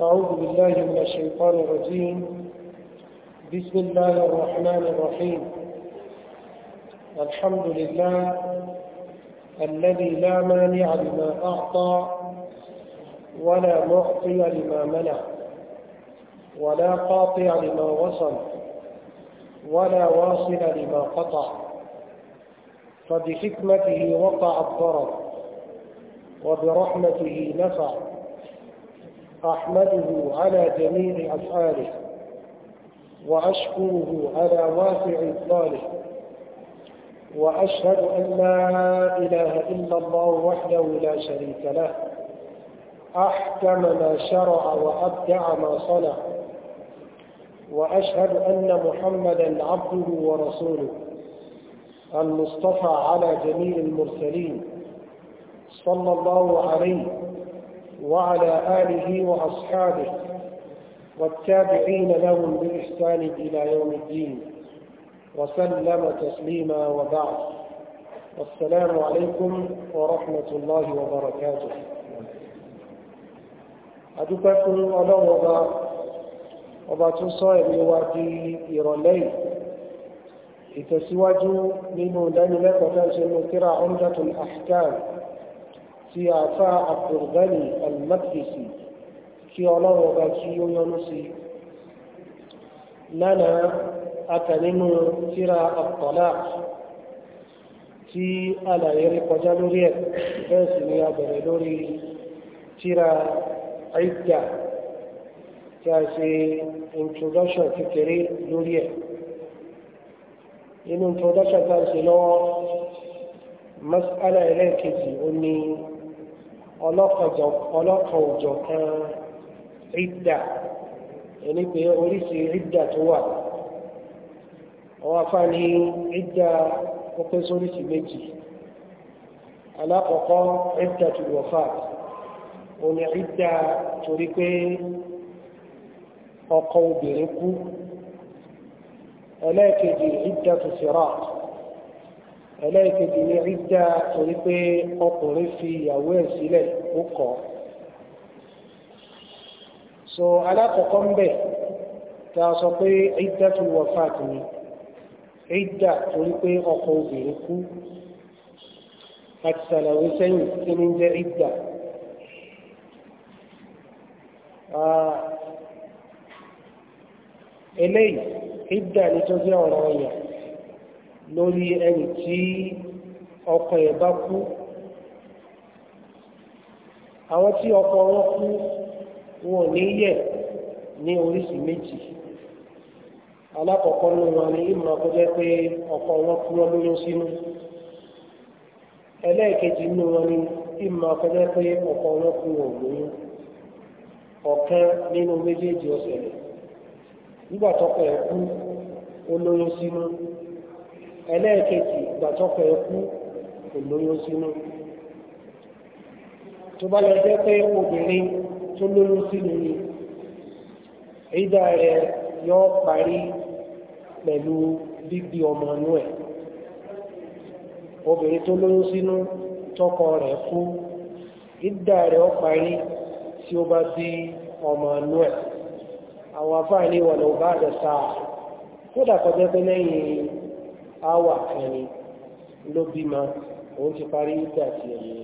أعوذ بالله من الشيطان الرجيم بسم الله الرحمن الرحيم الحمد لله الذي لا مانع لما أعطى ولا معطي لما منع ولا قاطع لما وصل ولا واصل لما قطع فبحكمته وقع الضرر وبرحمته نفع أحمده على جميع أفعاله وأشكره على واسع إفضاله وأشهد أن لا إله إلا الله وحده لا شريك له أحكم ما شرع وأبدع ما صنع وأشهد أن محمدا عبده ورسوله المصطفى على جميع المرسلين صلى الله عليه وعلى آله وأصحابه والتابعين لهم بإحسان إلى يوم الدين وسلم تسليما وبعد والسلام عليكم ورحمة الله وبركاته أدوكم الله وبركاته ọba tún sọ إيرالي wa من ìrọ̀lẹ́ لك ìtẹ̀síwájú nínú عمدة الأحكام ti àfa àkùrùbẹ́lì alimakisi kí ọlọ́run ọba kí ó yọ́nú sí i lánàá aka nínú tíra àkọ́lá tí àlàyé rí kọjá lórí ẹ̀ bẹ́ẹ̀ sì ni a bẹ̀rẹ̀ lórí tíra àìdá tí a ṣe introduction kékeré lórí ẹ̀ inú introduction tá a ṣe lọ́wọ́ mas'ala ẹlẹ́ẹ̀kejì ó ní ọlọ́kan òjọ̀ kan rídà ẹni pé oríṣi rídà tó wà àwọn afá ní rídà ó pé sóríṣi méjì alákọ̀ọ́kọ́ rídà tó wọ̀fà ó ní rídà torí pé ọkọ obìnrin kú ẹlẹ́ẹ̀kejì rídà tó fìrà ẹlẹ́ẹ̀kejì ní ìdá torí pé ọkùnrin fi ìyàwó ẹ̀ sílẹ̀ ó kọ̀ so alákọ̀ọ́kọ́ ń bẹ̀ tá a sọ pé ìdá tó wọ fat ni ìdá torí pé ọkọ obìnrin kú àti sàlàyé sẹ́yìn kí ni jẹ́ ìdá eléyìí ìdá ni tó jẹ́ ọ̀rọ̀ ọ̀yàn lórí ẹni tí ọkọ ẹ̀ bá kú àwọn tí ọkọ wọn kú wọn ní yẹ ní oríṣìí méjì alákọ̀ọ́kọ́ ní wọn ni ìmọ̀ pé ọkọ wọn kú wọn lóyún sínú ẹlẹ́ẹ̀kejì ní wọn ni ìmọ̀ pé ọkọ wọn kú wọn lóyún ọ̀kan nínú méjèèjì ọ̀sẹ̀ rẹ̀ nígbà ẹlẹ́ẹ̀kejì ìgbà tọ́kọ kò lóyún sínú tó bá lọ pé obìnrin tó lóyún sínú ni ìdá rẹ̀ yọ parí pẹ̀lú bíbí ọmọ inú ẹ̀ obìnrin tó lóyún sínú tọ́kọ rẹ̀ kú ìdá rẹ̀ ó parí tí ó bá bí ọmọ inú áwà kan ni ló bímọ òun ti parí ìgbà àti ẹ̀yìn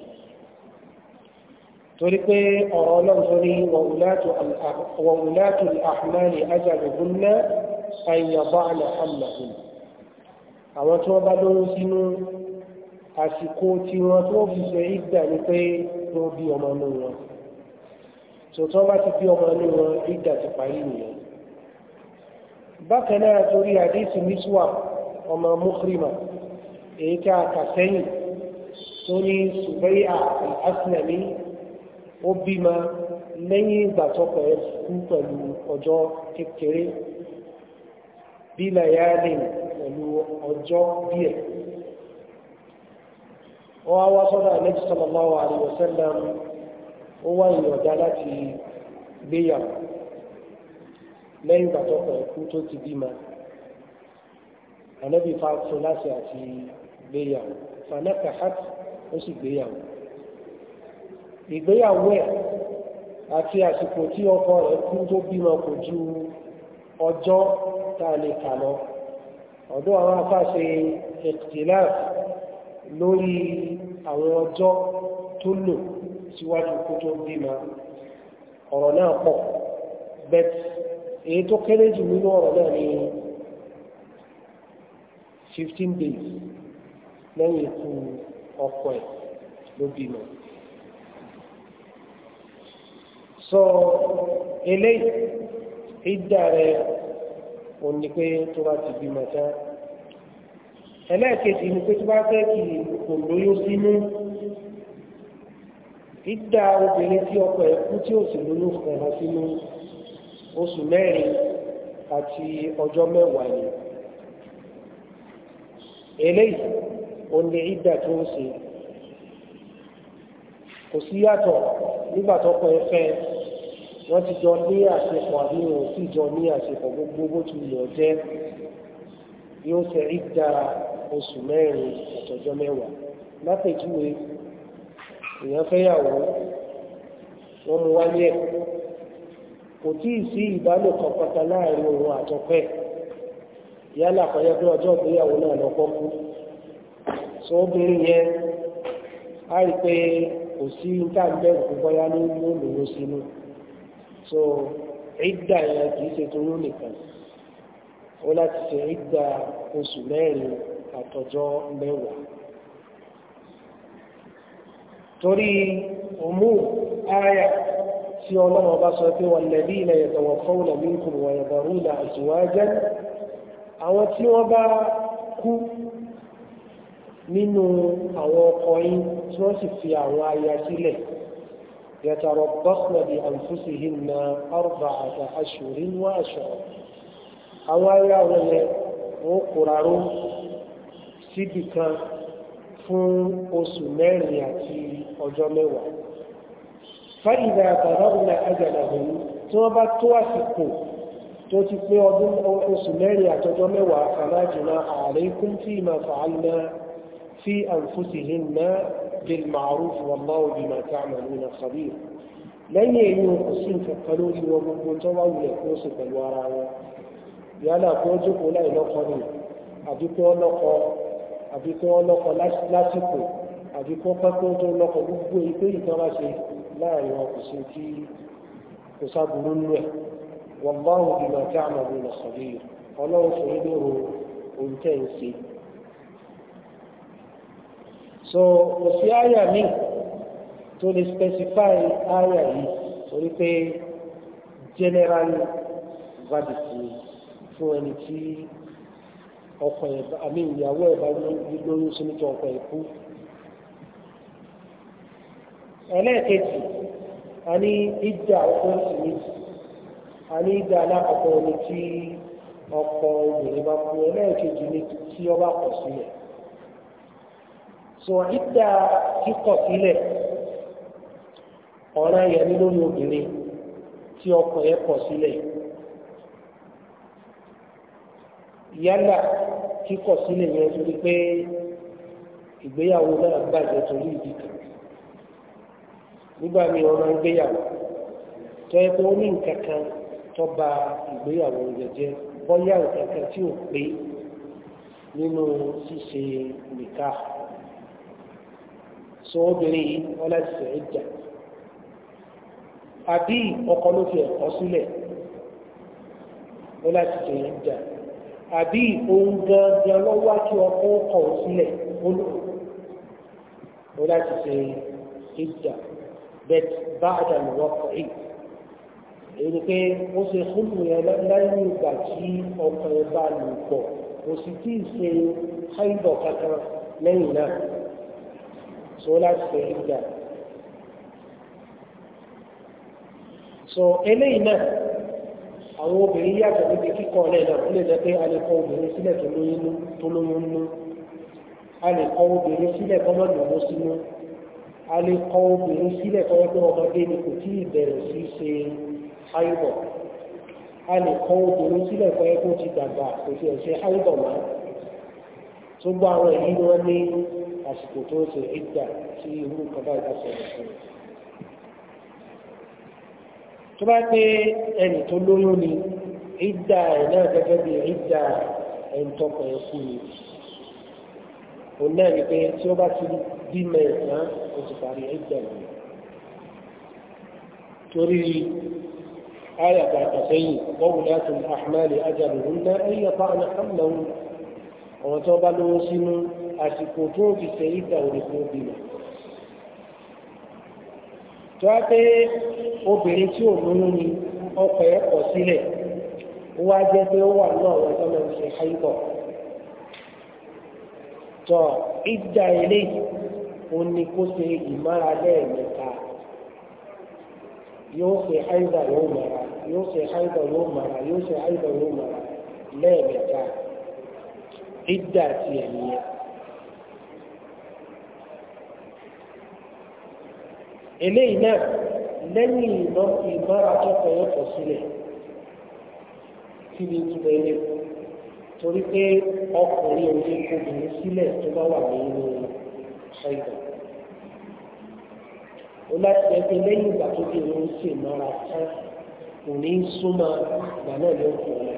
torí pé ọ̀rọ̀ ọlọ́run tó ní wàhùlátù àhùmáàlì ajagungunná àyàbá àlà àmàhùn àwọn tí wọ́n bá lóyún sínú àsìkò tí wọ́n tó fi ṣe ìgbà ni pé ló bí ọmọ inú wọn tòótọ́ bá ti bí ọmọ inú wọn ìgbà ti parí nìyẹn bákan náà torí àdéhùn nísùwàpù ọmọ mukhrima èyí tá a kà sẹ́yìn tó ní subai'a al-aslami ó bímọ lẹ́yìn ìgbà tọkọ ẹ̀ kú pẹ̀lú ọjọ́ kékeré bílà yá lè pẹ̀lú ọjọ́ díẹ̀ ó wá wá sọ́dọ̀ àlẹ́jì sallallahu alaihi wasallam ó wá ìyọ̀dá láti gbéyàwó lẹ́yìn ìgbà tọkọ ẹ̀ tó ti bímọ ànábì fa sọ láti àti gbéyàwó fanaka hat ó sì gbéyàwó ìgbéyàwó ẹ̀ àti àsìkò tí ọkọ rẹ̀ kú tó bímọ kò ju ọjọ́ tá a lè kà lọ ọ̀dọ̀ àwọn afáṣe ẹ̀kìtìláàf lórí àwọn ọjọ́ tó lò síwájú kó tó bímọ ọ̀rọ̀ náà pọ̀ bẹ́ẹ̀ èyí tó kéré jù nínú ọ̀rọ̀ náà ni fifteen days lẹ́yìn ikú ọkọ ẹ̀ ló bímọ. sọ eléyìí ìdá rẹ̀ òun ni pé tó bá ti bímọ tán ẹlẹ́ẹ̀kejì ni pé tó bá fẹ́ kí kò lóyún sínú ìdá obìnrin tí ọkọ ẹ̀ kú tí ó sì lóyún fún ẹ̀ lọ sínú oṣù mẹ́rin àti ọjọ́ mẹ́wàá yìí eléyìí òun lè ìdà tó ń ṣe kò sí yàtọ̀ nígbà tọkọ ẹ fẹ́ wọ́n ti jọ ní àṣepọ̀ àbí wọn ò sì jọ ní àṣepọ̀ gbogbo bó ti yọ̀ jẹ́ yóò ṣe ìdà oṣù mẹ́rin àtọjọ́ mẹ́wàá lápèjúwe èèyàn fẹ́yàwó wọ́n mú wáyé kò tí ì sí ìbálòpọ̀ pátá láàrin òun àtọkọ ẹ̀ yálà kọjá pé ọjọ́ ìgbéyàwó náà lọ pọ́ kú so obìnrin yẹn á rí pé kò sí táàbẹ̀rù kó bọ́yá ní lóòlòwó sínú so ìdá yẹn kì í ṣe torí nìkan ó láti ṣe ìdá oṣù mẹ́rin àtọjọ́ mẹ́wàá torí òmù ààyà tí ọlọ́run bá sọ pé wal ladina yatawafawna minkum wa yadharuna azwajan àwọn tí wọ́n bá kú nínú àwọn ọkọ yín tí wọ́n sì fi àwọn aya sílẹ̀ yàtàrọ̀ bọ́sùnà bí àǹfùsì yìí na ọ̀rọ̀ àti aṣòrí ní aṣọ àwọn aya wọn yẹn wọ́n kóraró síbì kan fún oṣù mẹ́rin àti ọjọ́ mẹ́wàá fáìlì àtàrà ọ̀nà àjàdàbọ̀ tí wọ́n bá tó àsìkò tó ti pé ọdún oṣù mẹ́rin àtọjọ́ mẹ́wàá fàlájìnà alaykum fima fa'alna fi anfusihinna bil ma'ruf wallahu bima ta'maluna khabir lẹ́yìn èyí kò sí nǹkan lórí wọn gbogbo tó wá wulẹ̀ kó sì pẹ̀lú ara wọn yálà kó jókòó láì lọ́kọ ni àbí kó lọ́kọ àbí kó pẹ́kọ́ tó lọ́kọ gbogbo ìpé ìtọ́lá ṣe láàrin wọn kò kò sábúrú nú والله بما تعملون khabir ọlọ́run fún yín lóru ohun tẹ́ ń ṣe. so kò sí àyà mi tó lè specify àyà yìí torí pé general verdict ni fún ẹni tí ọkọ ẹ̀ àmì ìyàwó ẹ̀ bá lóyún sí nítorí ọkọ ẹ̀ kú. ẹlẹ́ẹ̀kejì a ní ìjà ọkọ ìsìn a ní ìgbà alákọ̀ọ́kọ́ ni tí ọkọ obìnrin bá kú ẹlẹ́ẹ̀kejì ni tí ọba kọ̀ sílẹ̀ so ìgbà kíkọ̀ sílẹ̀ ọ̀ràn yẹn ní lórí obìnrin tí ọkọ yẹn kọ̀ sílẹ̀ yálà kíkọ̀ sílẹ̀ yẹn torí pé ìgbéyàwó náà bàjẹ́ torí ìdí kan nígbà míì ọ̀ràn ìgbéyàwó tọ́ ẹ pé ó ní nǹkan kan. tó ba ìgbéyàwó rẹ̀ jẹ́ bọ́yá òkẹ́kẹ́ tí ò pé nínú ṣíṣe nìka so obìnrin yìí wọ́n lẹ́sẹ̀ ìjà àbí ọkọ ló fi ẹ̀kọ́ sílẹ̀ wọ́n lẹ́sẹ̀ ìjà àbí ohun gangan lọ́wọ́ kí ọkọ kọ̀ sílẹ̀ wọ́n lẹ́sẹ̀ ìjà bẹ́ẹ̀ bá àdàlùwọ́ kọ̀ yìí èyí pé ó ṣe kúlù yẹn lẹ́yìn ìgbà tí ọkọ ẹ bá lù pọ̀ kò sì tí ì ṣe ṣáìbọ̀ kankan lẹ́yìn náà so láti ṣe ìgbà. so eléyìí náà àwọn obìnrin yàtọ̀ níbi kíkọ́ ọ̀lẹ́ náà ó lè jẹ́ pé a lè kọ obìnrin sílẹ̀ tó lóyún tó lóyún nú a lè kọ obìnrin sílẹ̀ kọ́mọ́ lòmó sínú a lè kọ obìnrin sílẹ̀ kọ́mọ́ ọmọdé ni kò tí ì bẹ̀rẹ̀ sí ṣe àìbọ̀ a lè kọ́ obìnrin sílẹ̀ kọ́ kó ti dàgbà kò àìbọ̀ tó gbọ́ àwọn èyí wọ́n ní àsìkò tó ṣe ìgbà tí irú nǹkan tó bá pé ẹnì tó lóyún ni ìgbà ẹ̀ náà gẹ́gẹ́ bí ìgbà ẹ̀ fún mi náà ni pé tí ó bá ti bí ó آية تعتقين وولاة الأحمال أجلهن أن يطعن حملهن àwọn tó bá lówó sínú àsìkò tó fi ṣe ìgbà òrìkú bímọ tó á pé obìnrin tí ò lóyún ni ọkọ ẹ kọ sílẹ̀ ó wá jẹ́ pé ó wà náà wọn tó ṣe háìbọ tó ìgbà eléyìí ó ní kó ṣe ìmára yóò ṣe àìdà yóò mara yóò ṣe àìdà yóò mara yóò ṣe àìdà yóò mara lẹ́ẹ̀mẹ́ta ìdá ti ẹ̀mí ẹ̀. eléyìí náà lẹ́yìn ìmọ̀ ìmọ̀ra tó fẹ̀yọ̀tọ̀ sílẹ̀ kí ni ìtumọ̀ ilé torí pé ọkùnrin òye kò bìnrin sílẹ̀ tó bá wà nínú ṣẹ́yìn ó láti ẹgbẹ́ lẹ́yìn ìgbà tó dé ló ń ṣe ìmọ̀ra tán kò ní í súnmọ́ ìgbà náà ló ń kọ̀ ọ́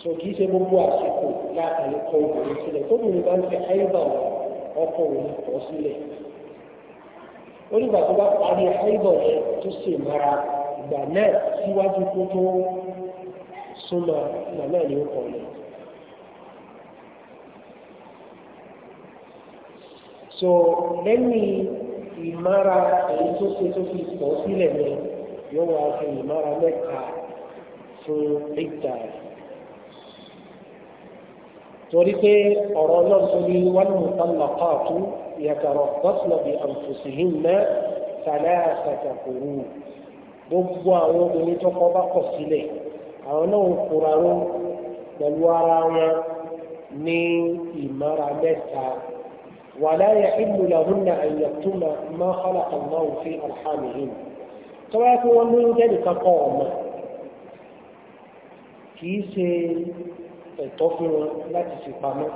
so kì í ṣe gbogbo àsìkò láàrin kọ obìnrin sílẹ̀ tóbìnrin bá ń fi àìbà ọkọ òun kọ sílẹ̀ ó nígbà tó bá parí àìbà yẹn tó ṣe ìmọ̀ra ìgbà náà síwájú kó tó súnmọ́ ìgbà náà ló ń kọ̀ ọ́ so lẹ́yìn ìmára èyí tó ṣe tó fi pọ̀ sílẹ̀ ni yóò wá fi ìmára mẹ́ta fún ìgbà torí pé ọ̀rọ̀ náà tó ní wọ́n mú tálàkàtú yàtọ̀rọ̀ bọ́sùlọ̀ bí àǹfòsìhìn náà tàlẹ́ àṣàkàkùrù gbogbo àwọn obìnrin tó kọ́ bá kọ̀ sílẹ̀ àwọn náà ń kura wọn pẹ̀lú ara wọn ní ìmára mẹ́ta ولا يحل لهن أن يكتمن ما خلق الله في أرحامهن tọ́wọ́ pé wọ́n lóyún jáde kankan ọ̀mọ́ kìí ṣe ẹ̀tọ́ fún wọn láti fi pamọ́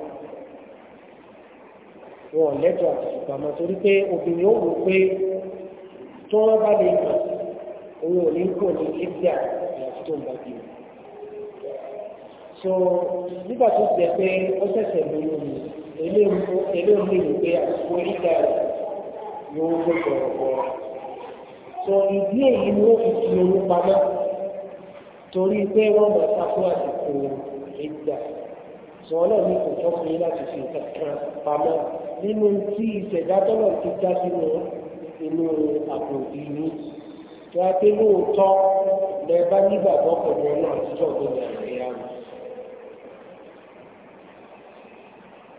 wọn lẹ́tọ̀ àti fi torí pé obìnrin ó rò pé tó wọ́n bá lè mọ̀ òun ò ní kò ní ìgbà ìyàtọ̀ tó ń bá bí so nígbà tó jẹ pé ó ṣẹ̀ṣẹ̀ lóyún ni eléyìí lè pé àsìkò nígbà rẹ̀ yóò gbọ́dọ̀ ọ̀pọ̀. sọ ìdí èyí ni ó fi fi owó pamọ́ torí pé wọ́n mọ̀ sáfún àsìkò ìgbà sọ ọlọ́ọ̀ni kò tọ́ fún yín láti fi kankan pamọ́ nínú tí ìṣẹ̀dá tọ́lọ̀ ti já sínú inú àpò ìlú tó a pé lóòótọ́ lẹ bá nígbàgbọ́ pẹ̀lú ọlọ́run tíjọ́ tó bẹ̀rẹ̀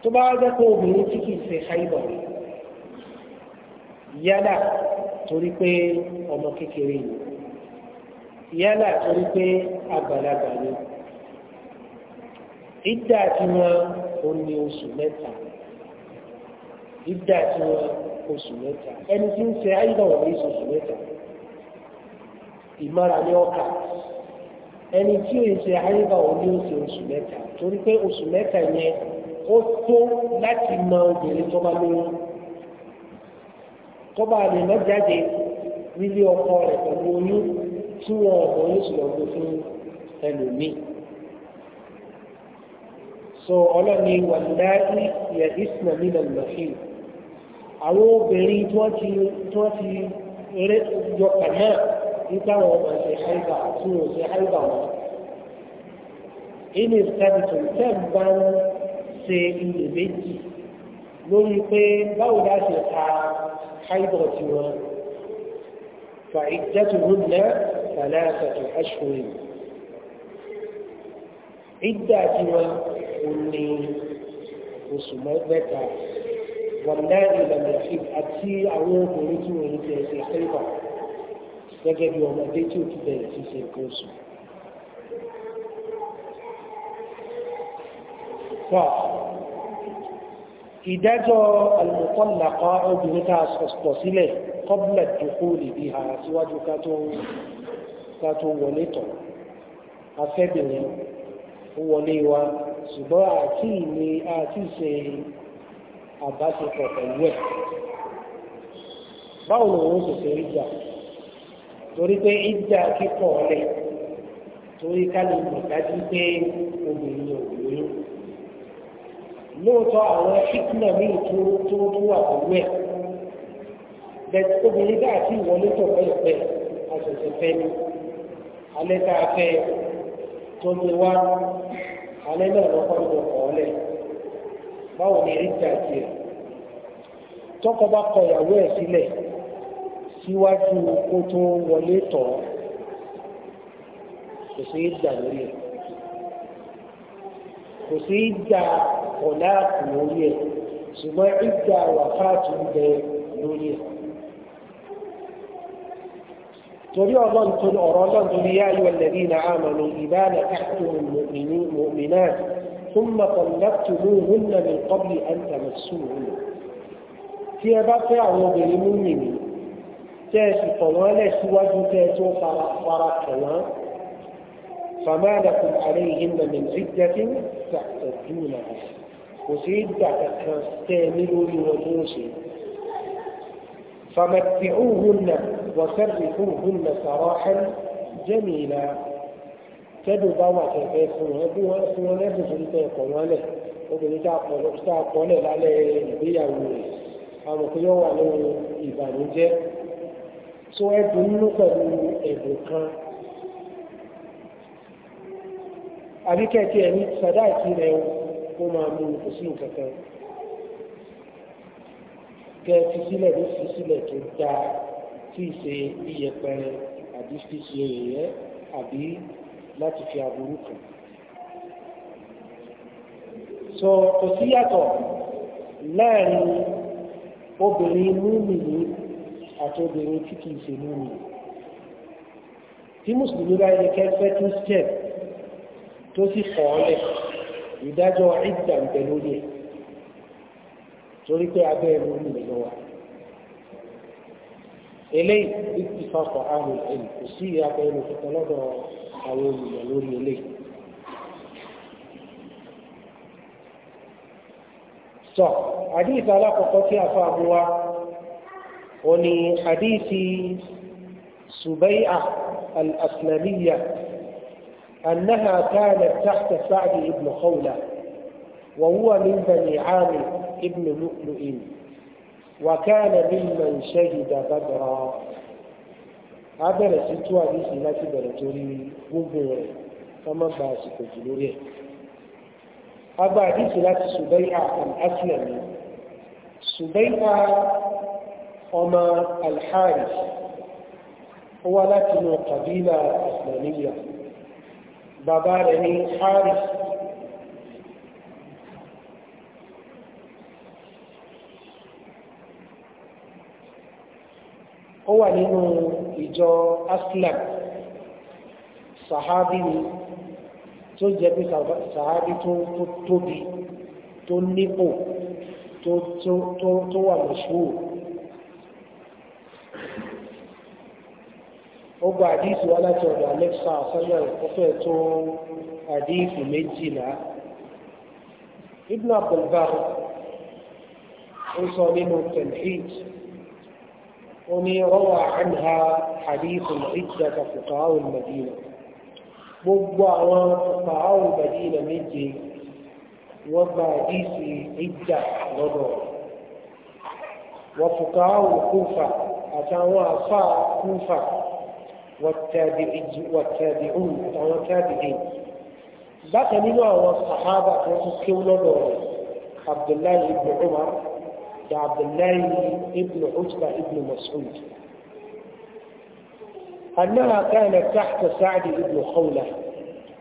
tó bá jẹ́ pé obìnrin tí kìí ṣe ṣáìbọ̀ yálà torí pé ọmọ kékeré ni yálà torí pé àgbàlagbà ni ìdá tí wọn ò ní oṣù mẹ́ta ìdá tí wọn oṣù mẹ́ta ẹni tí ń ṣe àìbọ̀ wọ̀ ní oṣù mẹ́ta ìmọ̀ra ní ọkà ẹni tí ò ń ṣe oṣù mẹ́ta torí pé ó tó láti mọ obìnrin tó bá lóyún tó bá lè má jáde nílé ọkọ rẹ̀ pẹ̀lú oyún tí wọn ọmọ yóò sì lọ fún ẹlòmíì so ọlọ́ni wàlúdáì yẹ ìsìnà nínà lọ́fìn àwọn obìnrin tí wọ́n ti rẹ̀ yọ kànáà nígbà wọn máa ṣe àìbà tí wọn ṣe àìbà wọn. inú ìsàbìtì tẹ́ ń bá wọn ṣe iyèméjì lórí pé báwo dá ṣe ta haibọ̀ tí wọn fa iddatuhunna thalathatu ashhurin ìdá tí wọn kò ní oṣù mẹ́ta wọ̀lẹ́ ìlànà àti àwọn obìnrin tí wọ́n ń tẹ̀ ṣe gẹ́gẹ́ bí ọmọdé tí ó ti bẹ̀rẹ̀ sí ṣe nǹkan al-istisqa' ìdájọ́ al-mutallaqa obìnrin tá a sọ̀sọ̀ sílẹ̀ qabla ad-dukhul biha síwájú ká tó wọlé tọ̀ afẹ́bìnrin wọlé wa ṣùgbọ́n àti ìní àti ìṣe àbáṣepọ̀ pẹ̀lú ẹ̀ báwo ni òun sì ìjà torí pé ìjà kíkọ̀ torí ká lè mọ̀ pé obìnrin ò lóyún lóòótọ́ àwọn ṣíkúnà ní ìtúró tó tó wà pẹ̀lú ẹ̀ bẹ́ẹ̀ obìnrin bá àti ìwọlé tó pẹ́ẹ́pẹ́ àṣẹ̀ṣẹ̀ fẹ́ ni alẹ́ tá a fẹ́ tó ní wá alẹ́ náà lọ́kọ́ ní ọkọ̀ ọ̀lẹ̀ báwo ni rígbà tiẹ̀ tọkọ bá kọ ìyàwó ẹ̀ sílẹ̀ síwájú kó tó wọlé tọ̀ kò sí ìgbà lórí ẹ̀. kò sí ìdá ọ̀láàkù lórí ẹ̀ ṣùgbọ́n ìdá wàfáàtù ń bẹ lórí ẹ̀ torí ọlọ́run tó ní ọ̀rọ̀ ọlọ́run tó ní yá ayọ̀ lẹ́bí na àmàlù ìbáàlẹ̀ káàkiri mọ̀mìnà ثم طلقتموهن من قبل أن تمسوهن tí ẹ bá fẹ́ àwọn obìnrin mú nìyí tẹ́ ẹ sì kọ̀ wọ́n lẹ̀ síwájú tẹ́ ẹ tó fara kọ̀ wọ́n فما لكم عليهن من عدة تعتدونها وسيدة تستعملوا لوجوشي فمتعوهن وسرحوهن سراحا جميلا تدبا وتفاقوا هدوا أسوانا بسلطة قوانا obìnrin tá وبني pọ̀lẹ̀ lálẹ́ ìgbéyàwó rẹ̀ àwọn kò yọ wà lórí ìbànújẹ́ tó ẹ̀dùn àbí kẹ́ẹ̀kì ẹ̀mí sàdáàkì rẹ̀ ó máa mú kò sí nǹkan kan kẹ́ fi sílẹ̀ ló fi sílẹ̀ tó dáa tí ì ṣe iyẹpẹrẹ àbí fífi ẹ̀yẹ àbí láti fi aburú kan. sọ kò sí yàtọ̀ láàrin obìnrin múmìnì àti obìnrin tí kìí ṣe múmìnì. tí mùsùlùmí bá yẹ kẹ́ fẹ́ tún tó sì kọ̀ọ́lẹ̀ ìdájọ́ ìdà ń bẹ lórí ẹ̀ torí pé abẹ́ ẹ̀rọ ní ìlú wa eléyìí ìtìfàkọ̀ àrùn ẹ̀yìn kò sí abẹ́ ẹ̀rọ tuntun lọ́dọ̀ àwọn olùmọ̀ lórí eléyìí sọ àdíìsì alákọ̀ọ́kọ́ tí a fa àbúwá òní àdíìsì Subai'a al-Aslamiyya أنها كانت تحت سعد بن خولة وهو من بني عامر بن لؤلؤ وكان ممن شهد بدرا أبرز التواريخ التي بلتوني قبور كما باسك الجلوري أبا حديث لك سبيعة عن أسلم سبيعة أما الحارث هو لكن قبيلة أسلمية bàbá rẹ̀ ní Haris ó wà nínú ìjọ Aslam sahabi ni tó jẹ́ pé sahabi tó tóbi tó nípò tó wà mọ̀ṣúwò ó gba àdíìsì wá láti ọ̀dọ̀ alexa samuel ó fẹ́ tó àdíìsì méjìlá ibn abdulbar ó sọ nínú tẹ̀lẹ́hìd ó ní rọ́wà àǹhà àdíìsì ìjọba fùkàáwò madina gbogbo àwọn fùkàáwò madina méje wọ́n gba àdíìsì ìjà lọ́dọ̀ wọ́n fùkàáwò kúfà àtàwọn àfáà kúfà والتابعون والتابعين التابعين بقى من هو الصحابة تسكون عبد الله بن عمر وعبد الله بن عتبة بن مسعود أنها كانت تحت سعد بن خولة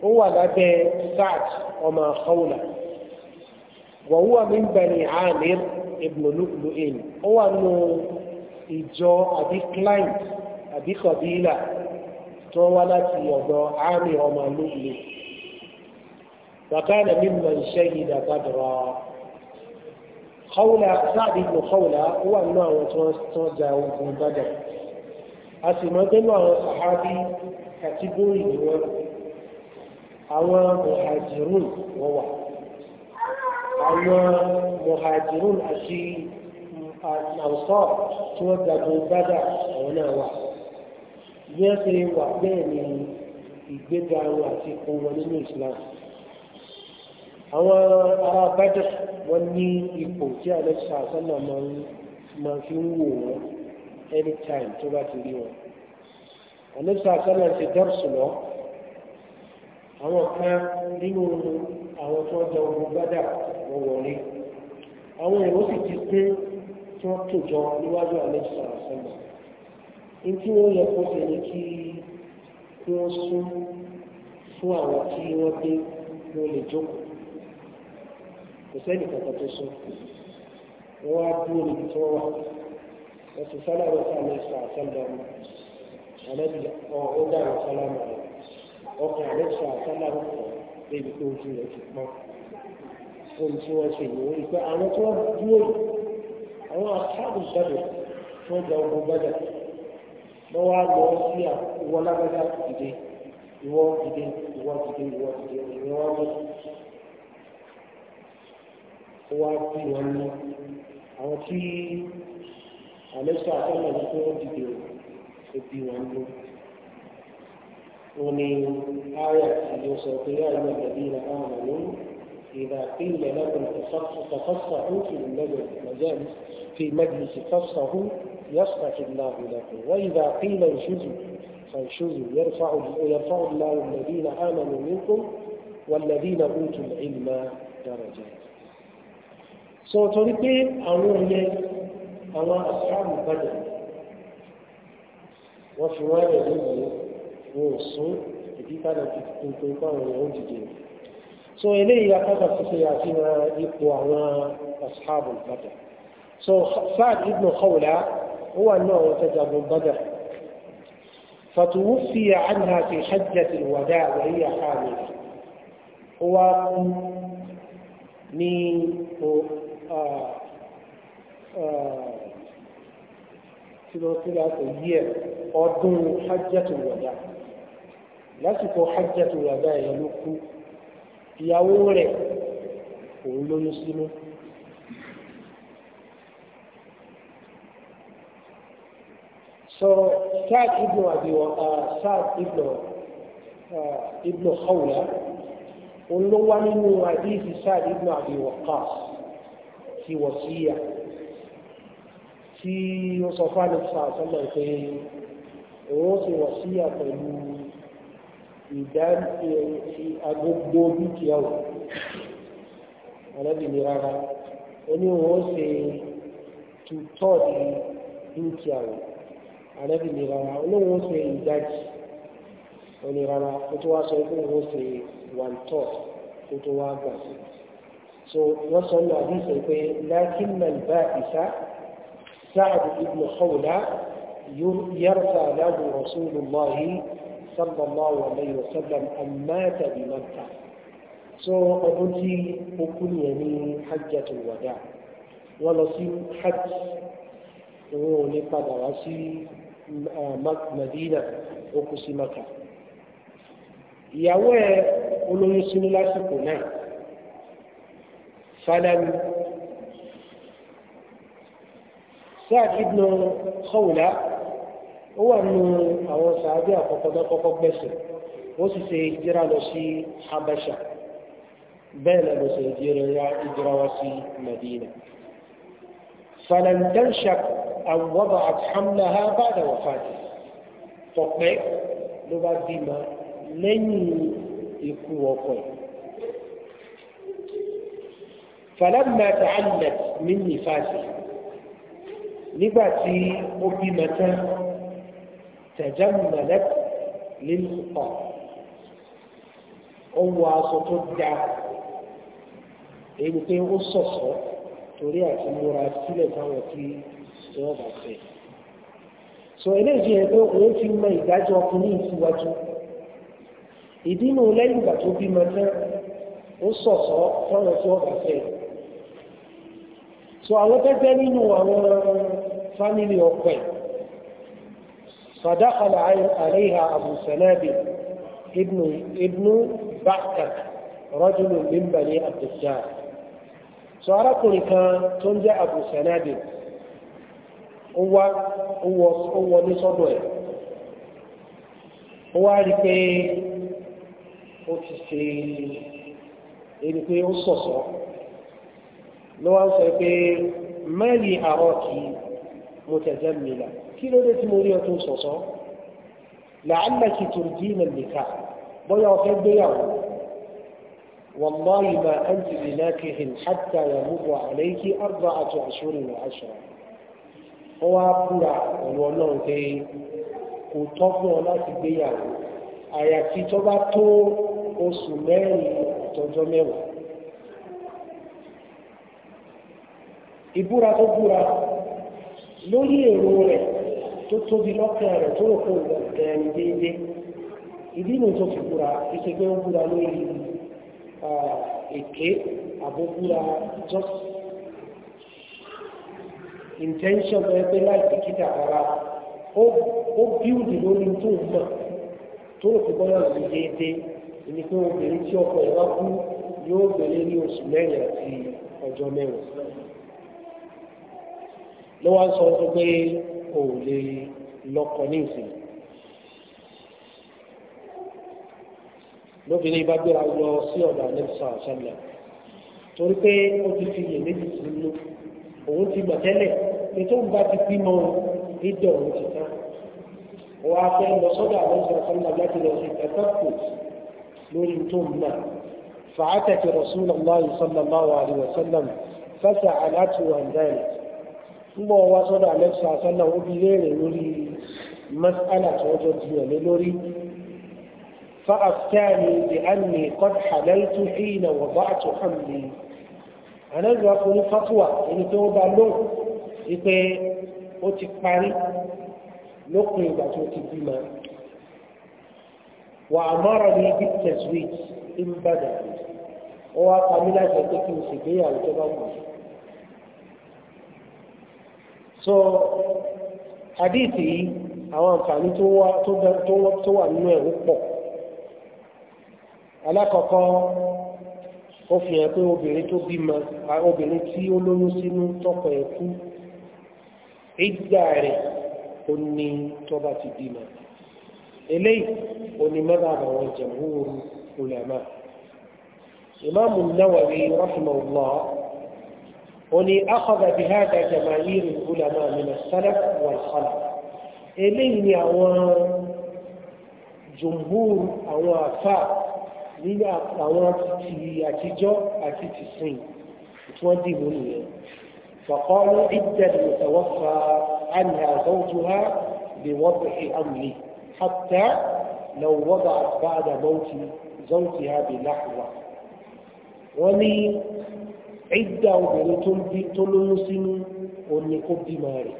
هو لدي سعد وما خولة وهو من بني عامر بن لؤلؤين هو أنه إجو أبي كلاينت أبي قبيلة tó wá láti ọ̀dọ̀ àmì ọmọ lóòlù bàkánà mímọ̀ iṣẹ́ yìí dàgbàdọ̀rọ̀ kọ́wùlà sáàdì ìlú kọ́wùlà ó wà nínú àwọn tó ń ja ogun gbàdọ̀ a sì mọ̀ pé àwọn sàhábí kàtígórì ni wọ́n àwọn mùhàjírùn wọ́n wà àwọn mùhàjírùn àti àwùsọ̀ tí wọ́n gbàgbọ́ gbàdọ̀ àwọn náà wà bí wọ́n ṣe wà bẹ́ẹ̀ ni ìgbéga wọn àti ikú wọn nínú Islam àwọn ará bàdà wọn ní ipò tí alexa sọnà máa fi ń wò wọn anytime tó bá ti rí wọn alexa sọnà ti dọ́rùsù lọ àwọn kan nínú àwọn tó ń jẹ ogun bàdà wọn wọlé àwọn èrò sì ti pé tí wọ́n tò jọ níwájú alexa sọnà ntí wọ́n yẹ kó ṣe ni kí kí wọ́n sún fún àwọn tí wọ́n dé wọ́n lè jókòó kò sẹ́ni kankan tó sún wọ́n á dúró níbi tí wọ́n wà wọ́n ti sálà wọ́n sá lọ sọ àtàlà ọmọ àlẹ́bí ọ dáhùn sálà mọ̀ ọ́ ọkàn àlẹ́bí sọ àtàlà ọmọ débi tó ojú rẹ̀ ti pọ́n ohun tí wọ́n ṣe yìí wọ́n àwọn tí wọ́n dúró àwọn àtàbù tí wọ́n gba ogun gbàdọ̀ wọ́n wá lọ sí ìwọ lágbájá dìde ìwọ dìde ìwọ dìde ìwọ dìde ìwọ wá lọ ó wá bí wọn lọ àwọn tí àlẹ́sọ̀ àtọ́nà ní pé wọ́n dìde ó bí wọn lọ ó ní ayé àti ìjọsọ pé yára ní ọ̀gbẹ̀bí ìlànà àwọn àlọ́ إذا قيل لكم تفصحوا في المجالس في مجلس تفصحوا يصفح الله لكم وإذا قيل انشزوا فانشزوا يرفع يرفع الله الذين آمنوا منكم والذين أوتوا العلم درجات. So to torí pé àwọn yẹn àwọn asáàmù what you want to do is wọn ò sún ìdí bàjẹ́ tuntun báwọn yẹn ó dìde. سو إلي يا قدر في ياسين إخوانا أصحاب البدر سو سعد بن خولة هو أنه تجاب البدر فتوفي عنها في حجة الوداع وهي حامل هو من في أو حجة الوداع لا تكون حجة الوداع يلوكو ìyàwó rẹ̀ òun lóyún sínú. so saad ibnu abi waka uh, saad ibnu uh, ibnu khawla òun ló wá nínú àdìsí saad ibnu abi waka ti wọ̀síyà tí ó sọ fún àdìsí àtọ́lọ̀ pé òun ó ti wọ̀síyà pẹ̀lú agbogbo dúkìá o alábìnrin rárá oníwọ̀n ó ṣe tutọ́ọ̀dì dúkìá o alábìnrin rárá oníwọ̀n ó ṣe ìdájì onírárá ó tó wá sọ pé wọ́n ṣe one third ó tó wá gbà sí so wọ́n sọ ní àdúgbò pé lákìn mẹ́lbà ìsá sáàdù ibn khawla yarfa lahu rasulullahi sallallahu الله wa sallam amata bi Makka so ọdún tí ó kú nìyẹn ní hajjatul wada wọ́n lọ sí hajj òun ò ní padà wá sí Madina ó kú sí Makka ìyàwó ẹ̀ olóyún sínú lásìkò náà fàdánù Sa'd ibn Khawla ó wà nù àwọn sàábì àkọ́kọ́ lọ́kọ́kọ́ gbẹ̀sẹ̀ ó sì ṣe ìjìra lọ sí habasha bẹ́ẹ̀ lọ sí ìjìra wá sí madina فلن تنشك أن وضعت حملها بعد وفاته ó bímọ tán tẹ̀jẹ̀mọ̀lẹ́ lílù ọ̀ ó wọ aṣọ tó da èyí pé ó sọ̀sọ̀ torí àti múra sílẹ̀ fáwọn tí wọ́n bá fẹ́ so eléyìí yẹn pé òun ti mọ ìdájọ́ ọkùnrin síwájú ìdí inú lẹ́yìn ìgbà tó bímọ tán ó sọ̀sọ́ fáwọn tí wọ́n bá fẹ́ so àwọn tẹ́tẹ́ nínú àwọn fámìlì ọkọ فدخل عليها أبو سنابل ابن ابن بعثك رجل من بني عبد الدجال سأركني كان تنجى أبو سنابل هو هو هو نصدوه هو عارف ó ti ṣe ẹni pé ó sọ̀sọ̀ ló wá ń kí ló dé tí mo rí ọtún sọ̀sọ́ làálàkì tùrùdínà nìka bóyá ọ̀fẹ́ gbéyàwó wàlláhi ma anti binakihin hatta yamudu alayki arba'atu ashhurin wa ashra wọ́n wá búra ọ̀rọ̀ ọlọ́run pé kò tọ́ fún ọ láti gbéyàwó àyàfi tó bá tó oṣù mẹ́rin àtọjọ́ mẹ́wàá ìbúra tó búra lórí èrò rẹ̀ tó tóbi lọ́kàn rẹ̀ tó rò pé òǹkà ẹni déédéé ìdí nù tó fi búra ìṣe pé ó búra lórí èké àbó búra just intention tó yẹ pé láì bìkítà rárá ó bíúdì lórí tó ń mọ̀ tó rò pé bọ́lá rẹ̀ déédéé ìní pé obìnrin tí ọkọ ẹ̀ bá kú yóò gbélé ní oṣù mẹ́rin àti ọjọ́ mẹ́rin lọ́wọ́ sọ pé o lè lọ́kọ ní ìsìn lóbìnrin bá gbéra lọ sí ọ̀dọ̀ anẹ́bísà àṣàlẹ̀ torí pé ó ti fi yè méjì sínú òun ti mọ̀ tẹ́lẹ̀ pé tó ń bá ti bímọ nídọ̀ òun ti tán wọ́n á fẹ́ lọ sọ́dọ̀ anẹ́bísà àṣàlẹ̀ láti lọ sí ẹ̀kọ́ kò lórí tó ń náà فعتت رسول الله صلى الله عليه وسلم فسألته عن ذلك mbọ̀ wá sọ́dọ̀ alexa sọ́nà ó bi léèrè lórí mas'ala tí wọ́n jọ di ẹ̀lẹ́ lórí فأفتاني بأني قد حللت حين وضعت حملي أنا أقول فتوى إن توبة لون إيه ó ti parí lópin ìgbà tó ti bímọ wà á mọ́ra ní ibi tẹ̀síwìtì ń bàdàn ó wá pa mí láti kí n sì gbéyàwó tó bá wù mí so hadithi yìí àwọn àǹfààní tó wà nínú ẹ̀ ó pọ̀ alákọ̀ọ́kọ́ ó fi hàn pé obìnrin tó bímọ obìnrin tí ó lóyún sínú tọkọ ẹ̀ kú ìgbà rẹ̀ ó ní tó bá ti bímọ eléyìí ó ní mẹ́ta àwọn jẹ̀mú olùlẹ̀mọ́ ìmáàmù Nawawi rahimahullah وني أخذ بهذا جماهير العلماء من السلف والخلف إلين يوا جمهور أو فا لين أو تي أتيجو أتيتسين تودي مني فقال عدة المتوفى عنها زوجها بوضع أمري حتى لو وضعت بعد موت زوجها بلحظة ومن ìdá obìnrin tó ń bí tó lóyún sínú òní kó bímọ rẹ̀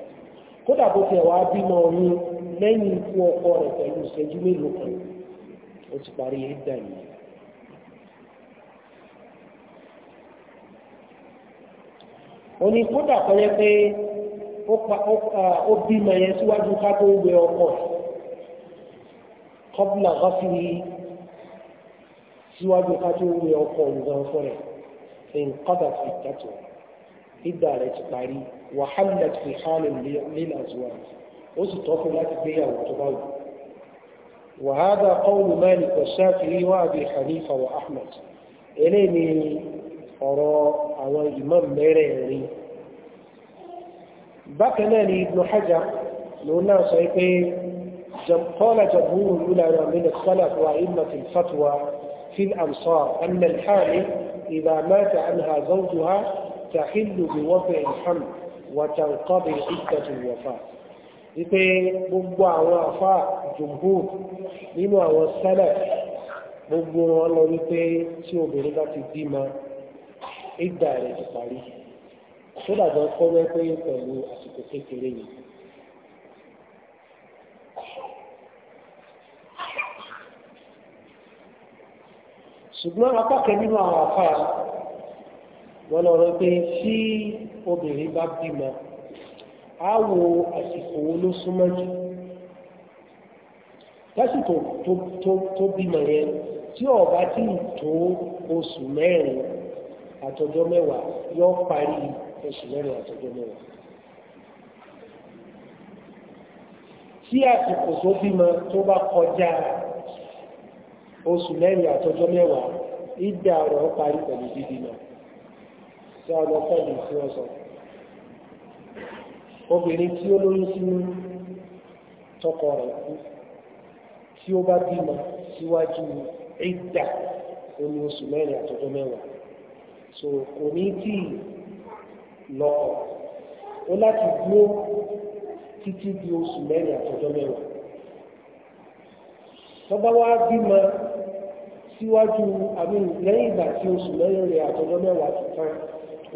kódà bó tiẹ̀ wá bímọ ọyún lẹ́yìn ikú ọkọ rẹ̀ pẹ̀lú ìṣẹ́jú mélòó kan ó ti parí ìdá nìyẹn. òní kódà kọ́yẹ́ pé ó bímọ yẹn síwájú ká wẹ ọkọ kọ́bùlà kọ́fì síwájú ká wẹ ọkọ òǹgàn fún rẹ̀. فانقضت فتته في الدار اتقاري وحلت في حال للأزواج وستطفلت بها وتضل وهذا قول مالك والشافعي وابي حنيفة وأحمد إليني أرى أو إمام ميريني بكنا لي ابن حجر لأنه سيقين جم قال جمهور العلماء من السلف وأئمة الفتوى في الأمصار أن الحالي إذا مات عنها زوجها تحل بوضع الحمل وتنقضي عدة الوفاة ipe gbogbo àwọn afa jùmhur nínú àwọn sẹlẹ gbogbo wọn lọ wípé tí obìnrin bá ti bímọ ìgbà rẹ̀ ti parí tó dàgbà kọ́ wẹ́ pé pẹ̀lú àsìkò kékeré yìí ṣùgbọ́n apákan nínú àwọn afá wọn lọ rẹ pé tí obìnrin bá bímọ á wo àsìkò wo ló súnmọ́ jù lásìkò tó bímọ yẹn tí ó bá tí ì tó oṣù mẹ́rin àtọjọ́ mẹ́wàá yóò parí oṣù mẹ́rin àtọjọ́ mẹ́wàá tí àsìkò tó bímọ tó bá kọjá oṣù mẹ́rin atọjọ mẹ́wàá ìdá ọ̀rọ̀ parí pẹ̀lú dídì lọ tí a lọ sọ obìnrin tí ó lóyún sínú tọkọ rẹ̀ kú tí ó bá bímọ síwájú ìdá omi oṣù mẹ́rin atọjọ mẹ́wàá so kò ní tí lọ ó láti dúró títí di oṣù mẹ́rin mẹ́wàá síwájú àmì lẹ́yìn ìgbà tí oṣù lẹ́yìn rẹ̀ àtọjọ́ mẹ́wàá ti tán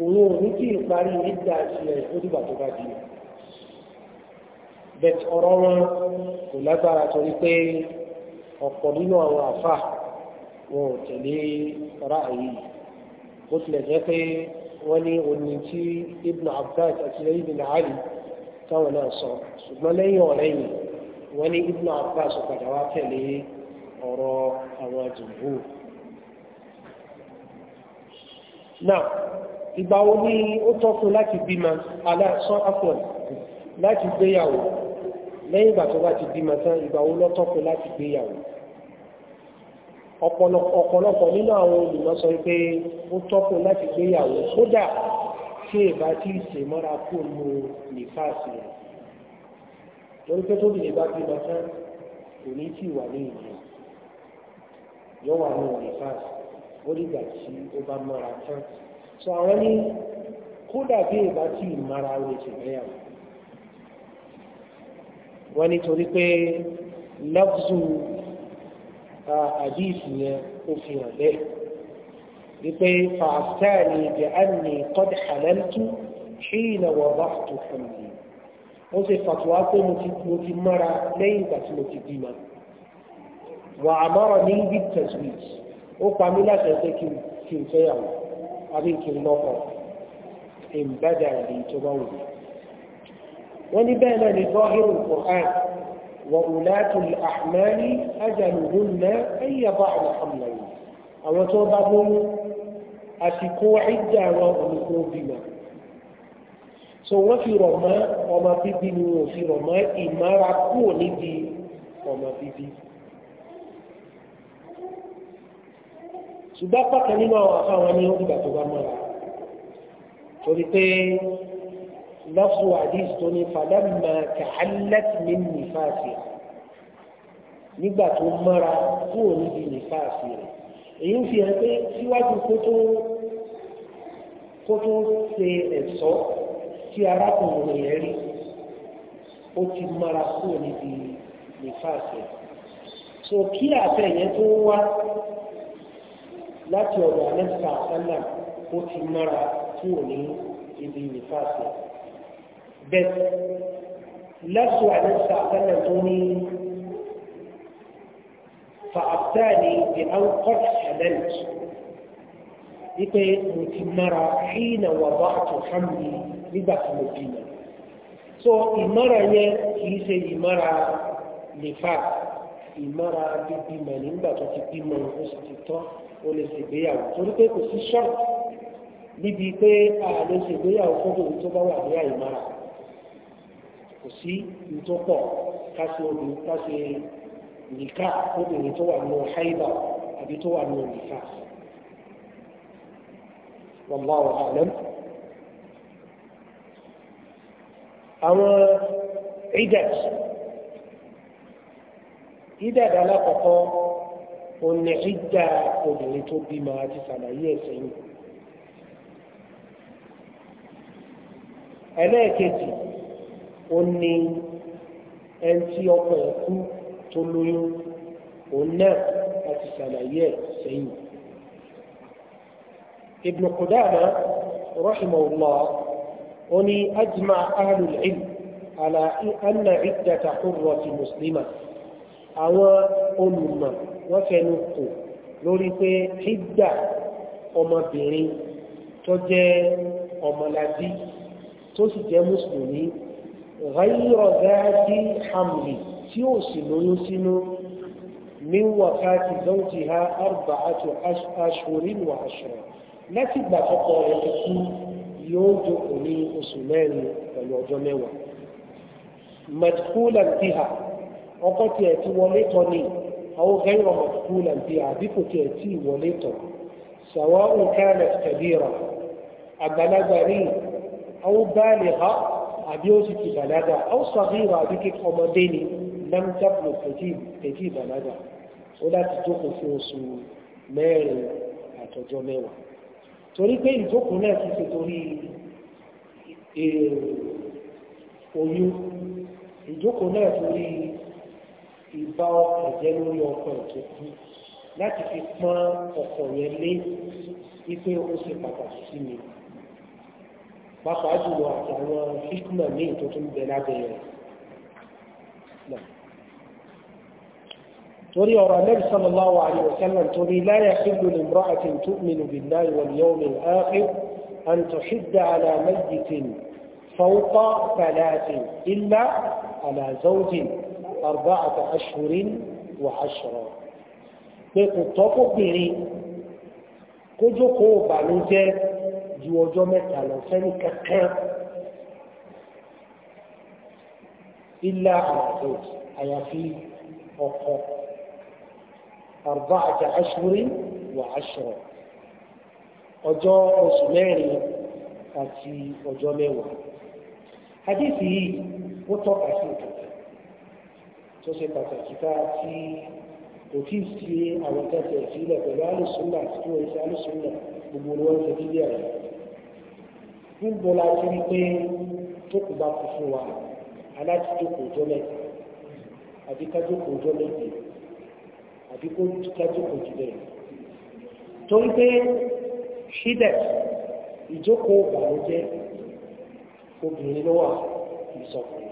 òun ò ní tí ìparí nígbà ìṣẹ̀lẹ̀ ìfódìgbà tó bá di bẹ̀t ọ̀rọ̀ wọn kò lágbára torí pé ọ̀pọ̀ nínú àwọn àfà wọn ò tẹ̀lé ráàyè ó tilẹ̀ jẹ́ pé wọ́n ní oní tí ibn abbas àti lẹ́yìn ibn ali táwọn náà sọ ṣùgbọ́n lẹ́yìn ọ̀rẹ́yìn wọ́n ní ibn abbas padà wá ọ̀rọ̀ àwọn jùmú. náà ìgbà wo ni ó tọ́ fún láti bímọ aláṣọ afọ̀n láti gbéyàwó lẹ́yìn ìgbà tó bá ti bímọ tán ìgbà wo ló tọ́ fún láti gbéyàwó ọ̀pọ̀lọpọ̀ nínú àwọn olùmọ̀ sọ pé ó tọ́ fún láti gbéyàwó kódà tí ìbá tí ìsè mọ́ra kú mú nífàsì rẹ̀ torí pé tóbi ìbá bímọ tán kò ní tí wà ní ìlú yóò wà ní ìfàs ó dìgbà tí ó bá mọ́ra tán so àwọn ní kódà bí ìbá tí ìmara rẹ̀ ti bẹ́yà wọ́n nítorí pé lọ́fùsù àdìsí yẹn ó fi hàn bẹ́ẹ̀ wípé fàáfíàní bí a ní kọ́dì àlẹ́ntú ṣí ìnáwó bá tó fún mi ó sì fàtúwá pé mo ti mọ́ra lẹ́yìn ìgbà tí mo ti bímọ wà á mọ́rọ̀ ní ibi tẹ̀síwìt ó pa mí láti ẹsẹ̀ kí n fẹ́yàwó àbí kí n lọ́kọ̀ ìmbẹ́dà èyí tó bá wù mí. wọ́n ní bẹ́ẹ̀ náà ní bọ́hírù Qur'an wọ ùlátù àmàlí ajaluhun náà ẹ̀yà bá àwọn so wọ́n fi rọ̀ mọ́ ọmọ bíbí ni wọ́n fi rọ̀ mọ́ ìmára kúrò níbi ọmọ bíbí. ṣùgbọ́n pàtàkì nínú àwọn afáwọn ní ó dìgbà tó bá mọ́ra torí pé lọ́fù àdìs tó ní fàdámà kàálẹ́t ní nífàásì nígbà tó mọ́ra kúrò níbi nífàásì rẹ̀ èyí ń fi hàn pé síwájú kó tó ṣe ẹ̀sọ́ tí arákùnrin yẹn rí ó ti mọ́ra kúrò níbi nífàásì rẹ̀ so kí àtẹ̀yẹ tó wá láti ọ̀dọ̀ anẹ́sà sálà ó ti mára tí ò ní ibi ìfàṣẹ. bẹ́ẹ̀ lẹ́sùn anẹ́sà sálà tó ní fàáfẹ́ẹ̀lì di ankọ́t challenge wípé mo ti mára hínà wà bá àtúnfàmì nígbà tí mo bímọ. so ìmára yẹn kìí ṣe ìmára nìfà ìmára bíbímọ nígbà tó ti bímọ ó sì bibi ti tọ́. o lè ṣègbéyàwó torí pé kò sí ṣọ́ọ̀t níbi pé a lè ṣègbéyàwó fọ́tòbí tó bá wà ní àìmára kò sí ìtọ́pọ̀ káṣe obìnrin káṣe nìka obìnrin tó wà nínú haida àbí tó wà nínú nìka wallahu a'lam àwọn ìdẹ̀t alákọ̀ọ́kọ́ òní ìdá obìnrin tó bímọ àti sàlàyé ẹ̀sẹ̀ yìí. ẹlẹ́ẹ̀kejì òní ẹni tí ọkọ ẹ̀ tó lóyún òun àti sàlàyé ẹ̀sẹ̀ yìí. ابن قدامة رحمه الله أني أجمع أهل العلم على أن عدة حرة مسلمة أو أمة wọ́n fẹnu kò lórí pé hídà ọmọbìnrin tó jẹ́ ọmọlàbí tó sì jẹ́ mùsùlùmí ráyọ̀dáàdì hamlin tí ó sì lóyún sínú min wákàtí zawjiha arba'atu ashhurin wa ashra láti gbà kọ́kọ́ rẹ̀ ti kú yóò jókòó ní oṣù mẹ́rin pẹ̀lú ọjọ́ mẹ́wàá madkulan biha ọkọ tiẹ̀ ti wọlé tọ́ ni أو غير مدخولا فيها بكتاتي ولطه سواء كانت كبيرة أبلغني أو بالغة أبيوتك بلغة أو صغيرة بك أمدني لم تبلغ تجيب تجيب بلغة ولا تدخل في وصول مال àtọ̀jọ́ mẹ́wàá torí pé ìjókòó náà ti ṣe torí oyún ìjókòó ìbá ọkọ̀ lórí ọkọ̀ tó kú láti fi pọ́n ọkọ̀ yẹn lé wípé ó ṣe pàtàkì sí mi pàápàá jùlọ àti àwọn fíkúmọ̀ ní ìtọ́tún bẹ lábẹ́ yen náà torí ọ̀rọ̀ Ànábì sallallahu alaihi wa sallam torí náà la yahillu limra'atin tu'minu billahi wal yawmil akhir an tuhidda ala mayyitin fawqa thalathin illa ala zawjin arba'ata ashhurin wa ashra pé kò tọ́kùnrin kójókòó ìbànújẹ́ ju ọjọ́ mẹ́ta lọ sẹ́ni kankan ilá àlàfo àyàfi ọkọ arba'ata ashhurin wa ashra ọjọ́ oṣù mẹ́rin àti ọjọ́ mẹ́wàá hadith yìí ó tọ́ka sí ìtàn tó ṣe pàtàkì ká tí kò tí ì sí àwọn tẹ́tẹ̀ ìfilẹ̀ pẹ̀lú alùsùnà tí ó ṣe alùsùnà gbogbo ni wọ́n ṣe dídí ẹ̀rọ. gbogbo la ti rí pé jókòó bá kú fún wa aláti jókòó jọ mẹ́ta àbí ká jókòó jọ mẹ́ta àbí ká jókòó jù bẹ́ẹ̀. torí pé ṣídẹ̀ ìjókòó ìbànújẹ́ obìnrin ló ìsọ̀kan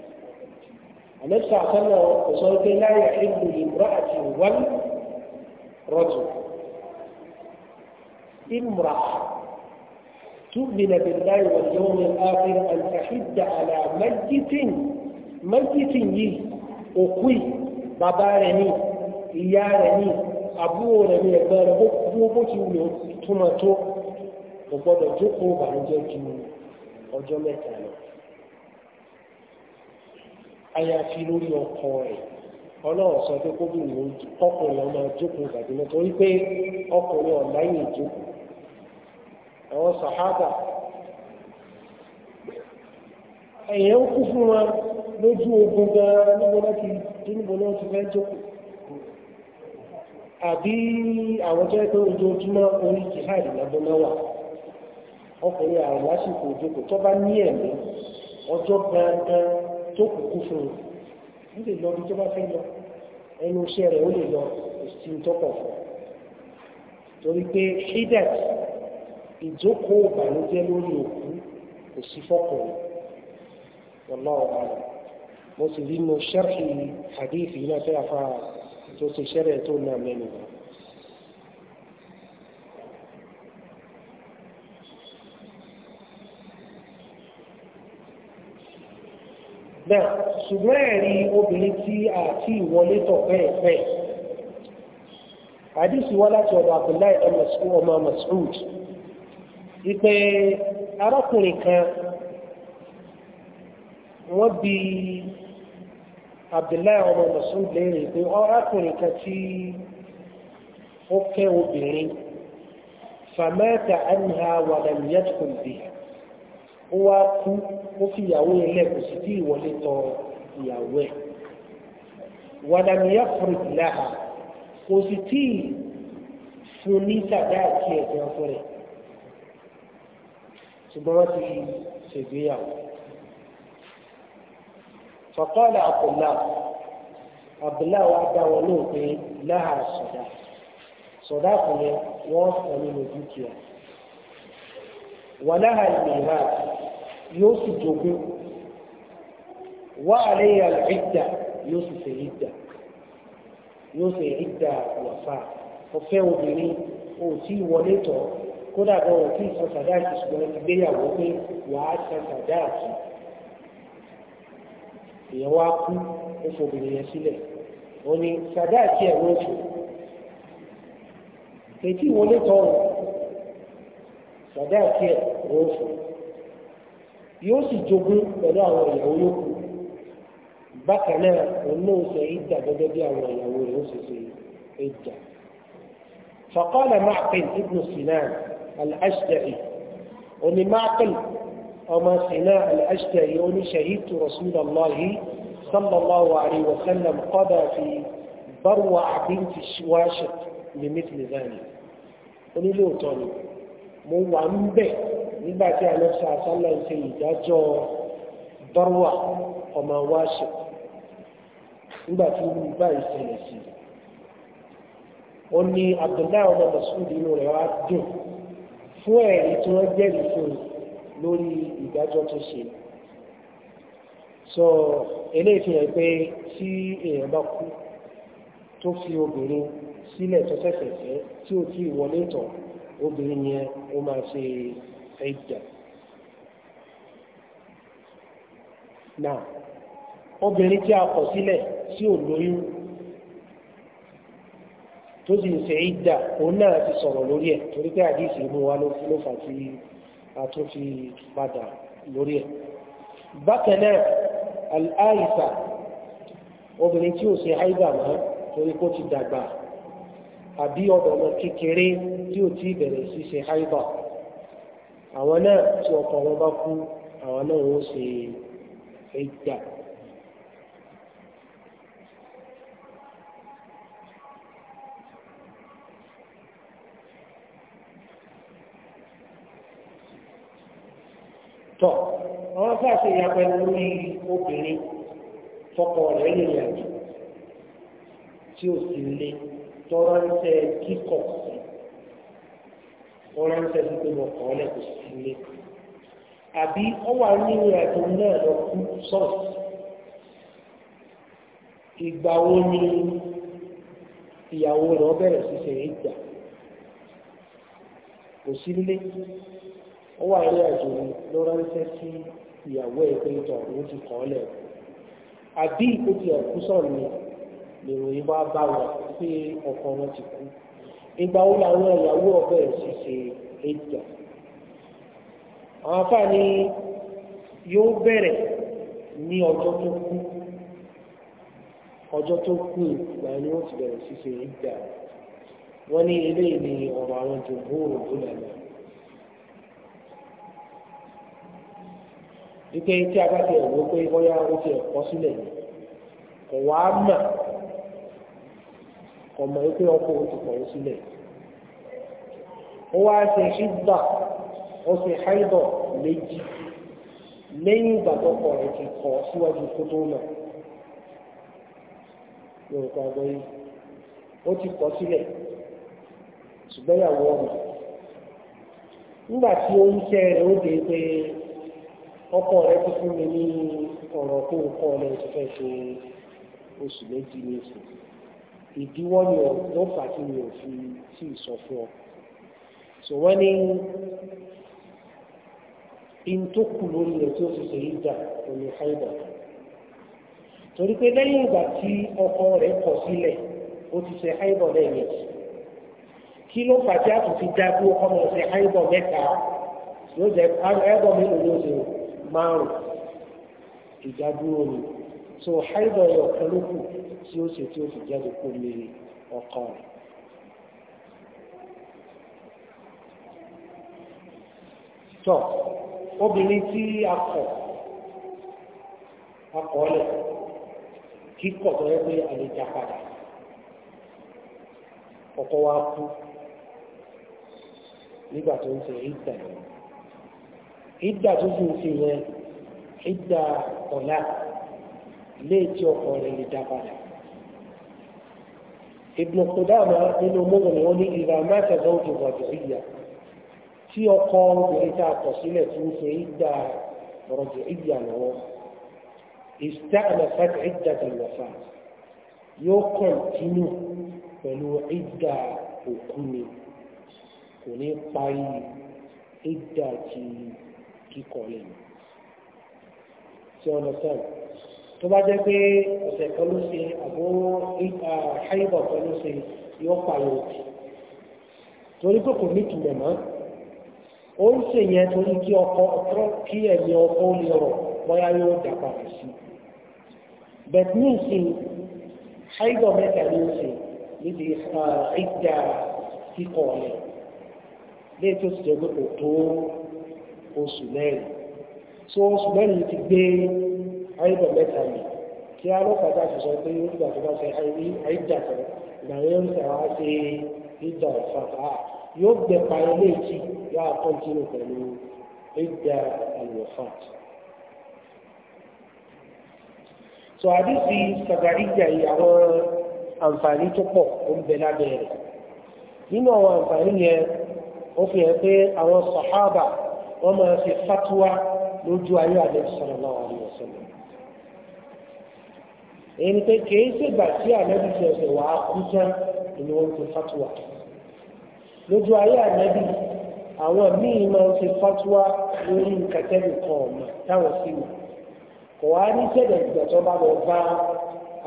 àmẹ́sà àtọ́nà الله pé láyà ìlú ìmúra àti ìwọ́n rọ́jù ìmúra تؤمن بالله واليوم الآخر أن تحد على ميت ميت يي أقوي بابا رني إيا رني أبو رني أبار بو بو تيو توماتو وبدو جوكو بانجو تيو أجو fi lórí ọkọ rẹ̀ ọlọ́run sọ pé kóbìnrin ọkùnrin ọmọ jókòó tàbí náà torí pé ọkùnrin ọ̀láyìn ìjókòó àwọn sàhábà ẹ̀yẹ ń kú fún wa lójú ogun gan níbo láti níbo náà ti fẹ́ jókòó àbí àwọn pé ojoojúmọ́ orí jihad lọ́dún ọkùnrin lásìkò tó bá tó kùkú fún un ó lè lọ bí tó bá fẹ́ lọ ẹnu iṣẹ́ rẹ̀ ó lè lọ òsì tọ́pọ̀ fún un torí pé hidat ìjókòó ìbànújẹ́ lórí òkú kò sí fọ́kùnrin wallahu a'lam mo sì rí mo ṣẹ́rì hadith náà fẹ́ afárá tó ti ṣẹ́rẹ̀ tó náà mẹ́nu rẹ̀. náà ṣùgbọ́n ẹ̀rí obìnrin tí àti ìwọlé tọ̀ pẹ́ẹ̀pẹ́ àdìsí wá láti ọ̀dọ̀ Abdullahi ọmọ Mas'ud ìpè arákùnrin kan wọ́n bi Abdullahi ọmọ Mas'ud léèrè pé arákùnrin kan tí ó fẹ́ obìnrin famata anha wa lam yadkhul ó wá kú ó fi ìyàwó ilẹ̀ kò sì tí ìwọlé tọ ìyàwó ẹ̀ wàdàmíyà fúrìtìláhà kò sì tí fún ní sàdá àti ẹ̀sìn ọ̀fọ́ rẹ̀ ṣùgbọ́n wọ́n ti ṣègbéyàwó fọ̀kọ́lá àpòlá wa dá wọn láhà sọ̀dá sọ̀dá kò yẹ wọ́n sọ wàláhà ìmọ̀lá yóò sì jogún wà àléyà ìdà yóò sì ṣe ìdà yóò ṣe ìdà wàfà ọ̀fẹ́ obìnrin ò tí wọlé tọ̀ kódà gan ò tí san sàdáàkì ṣùgbọ́n ti gbéyàwó pé wàá san sàdáàkì èèyàn wá kú ó fòbìnrin yẹn sílẹ̀ ó ní sàdáàkì ẹ̀ wọ́n tù ètí wọlé tọ̀ ọ̀rọ̀ sọdá àti ẹ̀ wọ́n fún yóò sì jogún pẹ̀lú àwọn ìyàwó yòókù bákan náà òun náà sọ ìjà gẹ́gẹ́ bí àwọn ìyàwó rẹ̀ ó sì ṣe ìjà. فقال معقل ابن سنان الأشجعي أن معقل أما سناء الأشتهي أني شهدت رسول الله صلى الله عليه وسلم قضى في بروع بنت الشواشق لمثل ذلك أني له تاني mo wà ń bẹ̀ nígbà tí alẹ́sà sálà ń ṣe ìdájọ́ dọ́rọ̀wà ọmọ wa ṣe nígbà tí ó bá ìṣẹ̀lẹ̀ sí i ó ní abdullahi ọmọ masud inú rẹ̀ wá dùn fún ẹ̀rí tí wọ́n jẹ́rìí fún lórí ìdájọ́ tó ṣe so eléyìí fi hàn pé tí èèyàn bá kú tó fi obìnrin sílẹ̀ tó fẹ́fẹ̀ẹ́ tí ó ti wọlé tán obìnrin yẹn ó máa ṣe ẹ̀dà. náà obìnrin tí a kọ̀ sílẹ̀ sí ò lóyún tó sì ń ṣe ẹ̀dà òun náà ti sọ̀rọ̀ lórí ẹ̀ torí pé àdìsí mú wa ló fà sí àtúnfi padà lórí ẹ̀. bákan náà al-aisa obìnrin tí ò ṣe ẹ̀dà torí kó ti dàgbà àbí ọ̀dọ̀mọ kékeré tí ò tí bẹ̀rẹ̀ sí ṣe haibà àwọn náà tí ọkọ wọn bá kú àwọn náà wọ́n ṣe ẹgbà. tọ́ àwọn fàṣẹ ìyàpẹ̀ lórí obìnrin tọkọ rẹ̀ lè tí ò sí lé tó ránṣẹ́ kíkọ̀ sí wọ́n ránṣẹ́ sí pé mo kàn án lẹ́kọ̀ọ́ sí ilé àbí ọwà nínú àjò náà lọ kú sọ́ọ̀sì ìgbà wo ni ìyàwó rẹ̀ ọ bẹ̀rẹ̀ sí ṣe ìgbà kò sí nílé ọwà nínú àjò ló ránṣẹ́ sí ìyàwó ẹ̀ pé ìtọ̀ ti kàn án lẹ́kọ̀ọ́ àbí ìkó ti ẹ̀kú sọ̀rọ̀ lèròyìn wá bá wọn pé ọkọ wọn ti kú ìgbà wo làwọn ìyàwó ọbẹ̀ ṣiṣẹ́ ẹ̀jẹ̀ àwọn afáàní yóò bẹ̀rẹ̀ ní ọjọ́ tó kú ọjọ́ tó kú ìgbà ni wọ́n ti bẹ̀rẹ̀ ṣiṣẹ́ ẹ̀jẹ̀ wọ́n ní eléyìí ni ọ̀rọ̀ àwọn jòhóòrò tó lẹ́nu. wípé tí a bá ti ẹ̀wọ́ pé bóyá ó ti ẹ̀kọ́ sílẹ̀ kò wá mà ọmọ ẹgbẹ́ ọkọ oṣù kọ̀ọ̀ sílẹ̀ ó wá ṣe ṣígbà ó ṣe ṣáìdọ̀ méjì lẹ́yìn ìgbà tó kọ̀ rẹ̀ ti kọ̀ síwájú kó tó lọ yorùbá àgbọ̀ yìí ó ti kọ̀ ìyàwó nígbà tí ó ń ṣe ọkọ rẹ̀ ti fún mi ní tó ń ọ ìdíwọ́ ni ọ̀ ló fà kí mi ò fi sí ìsọ fún ọ. sọ wọ́n ní in tó kù lórí rẹ̀ tí ó ti ṣèyí dà omi fáìbà torí pé lẹ́yìn ìgbà tí ọkọ rẹ̀ kọ̀ sílẹ̀ ó ti ṣe fáìbà lẹ́yìn kí ló fà tí a tún fi dá bí ọkọ mọ̀ ṣe fáìbà mẹ́ta yóò jẹ́ fáìbà mélòó ló ṣe márùn-ún ìdádúró ni so fáìbà yọ̀ kan ló kù tí ó ṣe tí ó fi jáde kó lè ọkọ rẹ̀. tọ́ obìnrin tí a kọ̀ a kọ̀ lẹ̀ kíkọ̀ tó yẹ pé a lè já padà ọkọ wa kú nígbà tó ń ṣe ìdà ìdà tó sì ń ṣe yẹn ìdà ọ̀la léè tí ọkọ rẹ̀ lè dá padà. ابن قدامة من أمور وني إذا مات زوج رجعية tí ọkọ obìnrin tá a kọ̀ sílẹ̀ tó ń ṣe ìgbà rọ̀jò ìgbà lọ́wọ́ ìsítá àlàfáàtì ìgbà tàlàfà yóò kọ̀ǹtínú pẹ̀lú ìgbà òkú ni kò ní parí ìgbà ti kíkọ̀ lẹ́nu tí ọ̀nà sẹ́yìn tó bá jẹ́ pé ọ̀sẹ̀ kan ló ṣe àbó ṣáìbọ̀ kan ló ṣe yóò pààyàn òkè torí pé kò ní ìtumọ̀ mọ́ ó ń ṣe yẹn torí kí ọkọ ọkọ kí ẹ̀mí ọkọ ó lè rọ̀ bóyá yóò dà padà sí bẹ̀t ní ìsìn ṣáìbọ̀ mẹ́ta ló ṣe níbi ìdá kíkọ̀ ọ̀lẹ̀ léyìí tó ti jẹ́ pé kò tó oṣù mẹ́rin so oṣù mẹ́rin ti gbé haibọ̀ mẹ́ta ni kí á lọ́pàá bá ti sọ pé nígbà tó bá ṣe àìdà kan ìgbàwé ń sọ̀rọ̀ á ṣe ìdà ọ̀fàfà yóò gbẹ parí léèkì yóò àkọ́ntínú pẹ̀lú ìdà àlùfà. sọ àdìsí sàgàríjà yìí àwọn àǹfààní tó pọ̀ ó ń bẹ lábẹ́ rẹ̀ nínú àwọn àǹfààní yẹn ó fi hàn pé àwọn sàhábà wọ́n máa ṣe fatuwa lójú ayé àdìsí sallallahu alaihi wasallam èyí pé kìí ṣègbà tí ànábì ti ọ̀sẹ̀ wà á kú tán ni wọ́n ti fatuwa lójú ayé ànábì àwọn míì máa ń ṣe fatuwa lórí nkàtẹ́lì kan ọ̀mà táwọn sì wà kò wá ní sẹ́dẹ̀ ìgbà tó bá lọ bá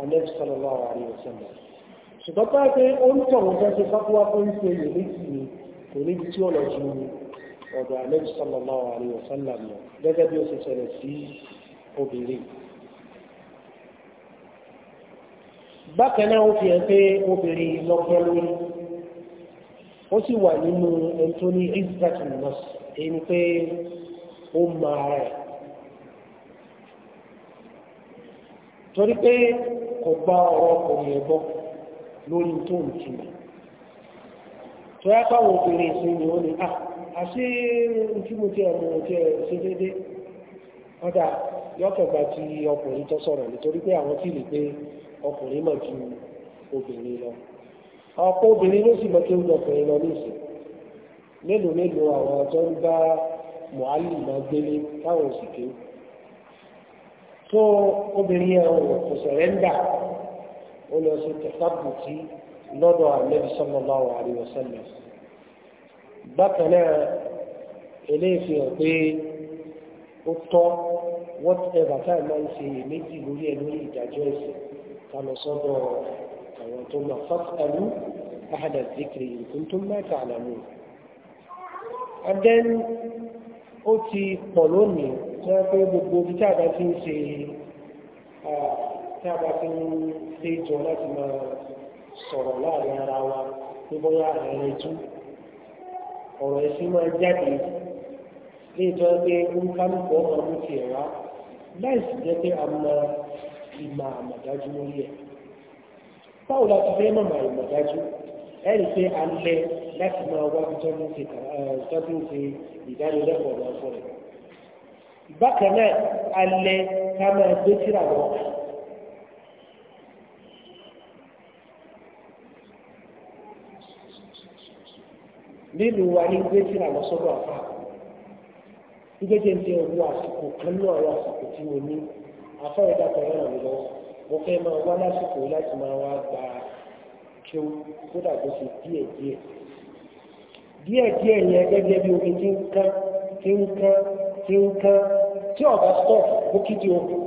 ànábì sallallahu alaihi wasallam ṣùgbọ́n pé pé ó ń tọ̀rọ̀ fẹ́ ṣe fatuwa fún ìṣe èyí létí ni kò níbi tí ó lọ ju ọ̀dọ̀ ànábì sallallahu alaihi wasallam lọ bákan náà ó fi hàn pé obìnrin lọ́gbọ́n lórí ó sì wà nínú ẹni tó ní israel nurse ẹni pé ó máa rẹ̀ torí pé kò gba ọ̀rọ̀ ọkùnrin ẹ̀gbọ́n lórí tó ń túmọ̀ tó yá káwọn obìnrin sí ni ó ní à ah, àṣé ohun tí mo ti ṣe déédéé yọkànba ti ọkùnrin tó sọ̀rọ̀ nítorí pé àwọn fìlì pé ọkùnrin mọ̀ ju obìnrin lọ ọ̀pọ̀ obìnrin ló sì mọ̀ kí ó ju ọkùnrin lọ nísìn mélòó mélòó àwọn tó ń bá mọ̀álì máa gbélé táwọn sì kéwù tó obìnrin yẹn ọ̀rọ̀ kò sẹ̀rẹ́ńdà ó lọ sí tẹ̀sábùtì lọ́dọ̀ àlẹ́bí sallallahu alaihi wasallam bákan náà eléyìí fi hàn pé ó tọ́ whatever time a máa ń ṣe méjì lórí ẹ lórí ìdájọ́ ẹ̀sìn ká lọ sọ́dọ̀ àwọn tó máa fásitàlú ahàdà zikiri nǹkan tó máa tà àlàmù. adẹ́n ó ti pọ̀ lónìí tí wọ́n pé gbogbo ibi tá a bá ti ń ṣe tá a bá ti ń ṣe jọ láti máa sọ̀rọ̀ láàrin ara wa ní bóyá ààrẹ tú ọ̀rọ̀ ẹ̀sìn máa jáde ní pé ń kálukú ọmọ ọdún tiẹ̀ wá láìsí jẹ́ pé a mọ ìmọ̀ àmọ̀dájú lórí ẹ̀ báwo la ti fẹ́ mọ̀ àmọ̀dájú ẹ̀rí pé a lẹ láti máa wá bí tọ́jú ṣe tọ́jú ṣe ìdánilẹ́kọ̀ọ́ lọ fún rẹ̀ bákan náà a lẹ ká máa gbé síra lọ nílùú wa ní gbé síra lọ sọ́dọ̀ àfáà gbígbé jẹ́ ti ọ̀wọ́ àsìkò kan ní àsìkò tí mo ní afọ́rẹ́dá kan ràn mí lọ mo fẹ́ máa wá lásìkò láti máa wá gba kíó kódà tó ṣe díẹ̀ díẹ̀ díẹ̀ díẹ̀ yẹn gẹ́gẹ́ bí omi ti ń kán ti ń kán ti ń kán tí ọ̀gá stop bókítì ogun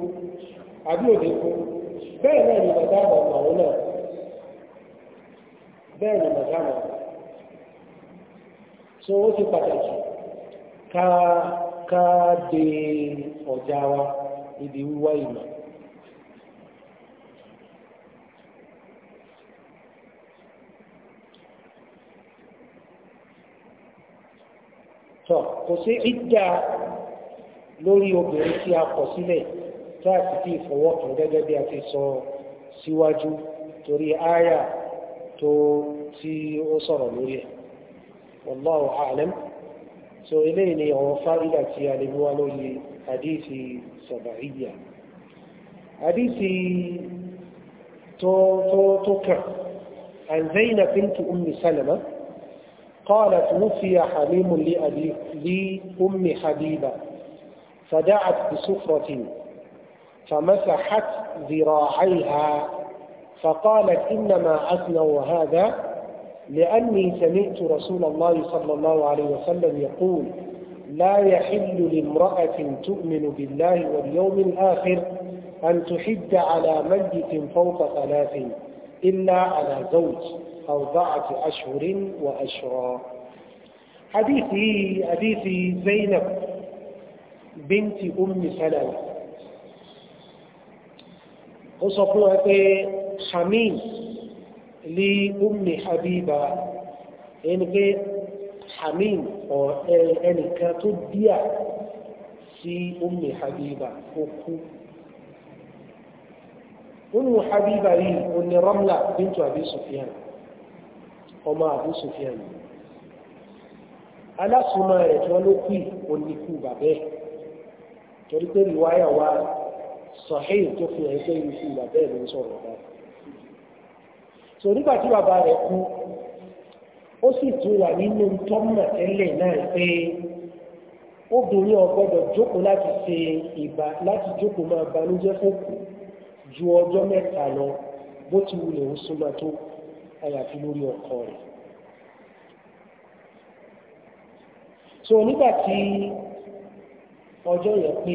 àbí òde kú bẹ́ẹ̀ náà ni bàbá àmọ̀ àwọn náà bẹ́ẹ̀ ni bàbá àmọ̀ so ó ti pàtàkì ká ká de ọjà wa ibi wíwá ìmọ̀. tọ kò sí ìdá lórí obìnrin tí a kọ̀ sílẹ̀ tá a sì ti fọwọ́ kàn gẹ́gẹ́ bí a ti sọ síwájú torí àyà tó tí ó sọ̀rọ̀ lórí ẹ̀ wallahu a'lam. سؤالين eléyìí ni àwọn fárídà سبعية a تو تو تو lórí àdíìsì عن زينة بنت أم سلمة قالت وفي حليم لأبي لأم حبيبة فدعت بسفرة فمسحت ذراعيها فقالت إنما أثنوا هذا لأني سمعت رسول الله صلى الله عليه وسلم يقول لا يحل لامرأة تؤمن بالله واليوم الآخر أن تحد على ميت فوق ثلاث إلا على زوج أو ضعة أشهر وأشرا حديثي حديث زينب بنت أم سلمة وصفوها حميد li ummi habiba ẹni pé hamim ọ ẹnìkan tó díà sí ummi habiba ó kú ummu habiba yìí ó ní ramla bintu abi sufyan ọmọ abu sufyan alásùnmọ́ rẹ̀ tí wọ́n ló kú ó ní bàbẹ́ torí pé wa sahih tó fi hàn pé ikú bàbẹ́ ló sọ̀rọ̀ báyìí so nígbà tí bàbá rẹ̀ kú ó sì tún wà nínú tọ́mọ̀ tẹ́lẹ̀ náà pé obìnrin ò gbọ́dọ̀ jókòó láti ṣe ìbá láti jókòó máa banújẹ́ fòkù ju ọjọ́ mẹ́ta lọ bó ti wulẹ̀ ó súnmọ́ tó àyàfi lórí ọkọ rẹ̀. so nígbà tí ọjọ́ yẹn pé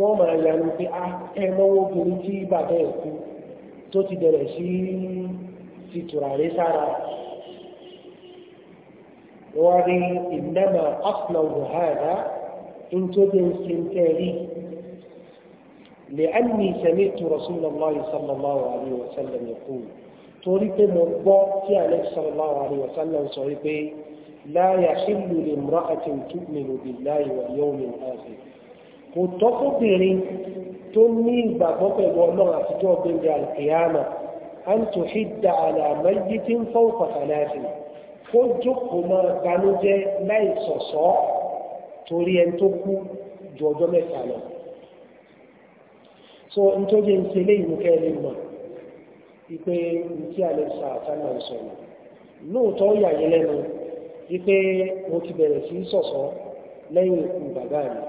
wọ́n máa yanu pé a ẹ mọ́wọ́ obìnrin tí bàbá ẹ̀ kú tó ti bẹ̀rẹ̀ sí ti tùràrí sára wọ́n rí ìnáma afnàwò hàdá in tó dé ṣe ń tẹ́rí لأني سمعت رسول الله صلى الله عليه وسلم يقول torí pé mo gbọ́ tí àlẹ́kì sallallahu alaihi wa sallam sọ wípé la yahillu limra'atin tu'minu billahi wal yawmil akhir kò tọ́kùnbìnrin tó ní ìgbàgbọ́ pẹ̀lú ọlọ́run àtijọ́ ọ̀gbẹ̀rẹ̀ alkiyama an tó hídà àlàmáyí tí ń fọ́n pàtàláàfì kó jókòó máa banújẹ́ láì sọ̀sọ́ torí ẹni tó kú ju ọjọ́ mẹ́ta lọ so nítorí ń ṣe lé ìmú kẹ́lẹ́ mọ̀ ipe tí alexa àtàlà ń sọ̀rọ̀ lóòótọ́ yà lẹ́nu ipe mo ti bẹ̀rẹ̀ sí sọ̀sọ́ lẹ́yìn bàbá mi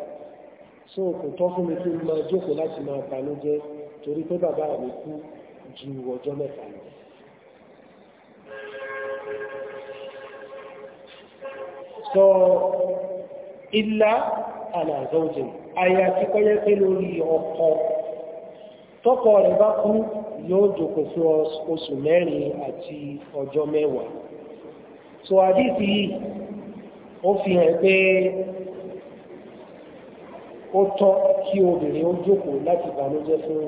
so kò tọ́ fún mi kí n máa jókòó láti máa banújẹ́ torí pé bàbá mi kú ju ọjọ́ mẹ́ta lọ sọ ilá àlàzọ́jẹ̀ àyàtí kọ́yẹ́ pé lórí ọkọ tọ́kọ rẹ̀ bá kú yóò jòkó fún oṣù mẹ́rin àti ọjọ́ mẹ́wàá so àdísì yìí ó fi hàn pé ó tọ́ kí obìnrin ó jókòó láti bànújẹ́ fún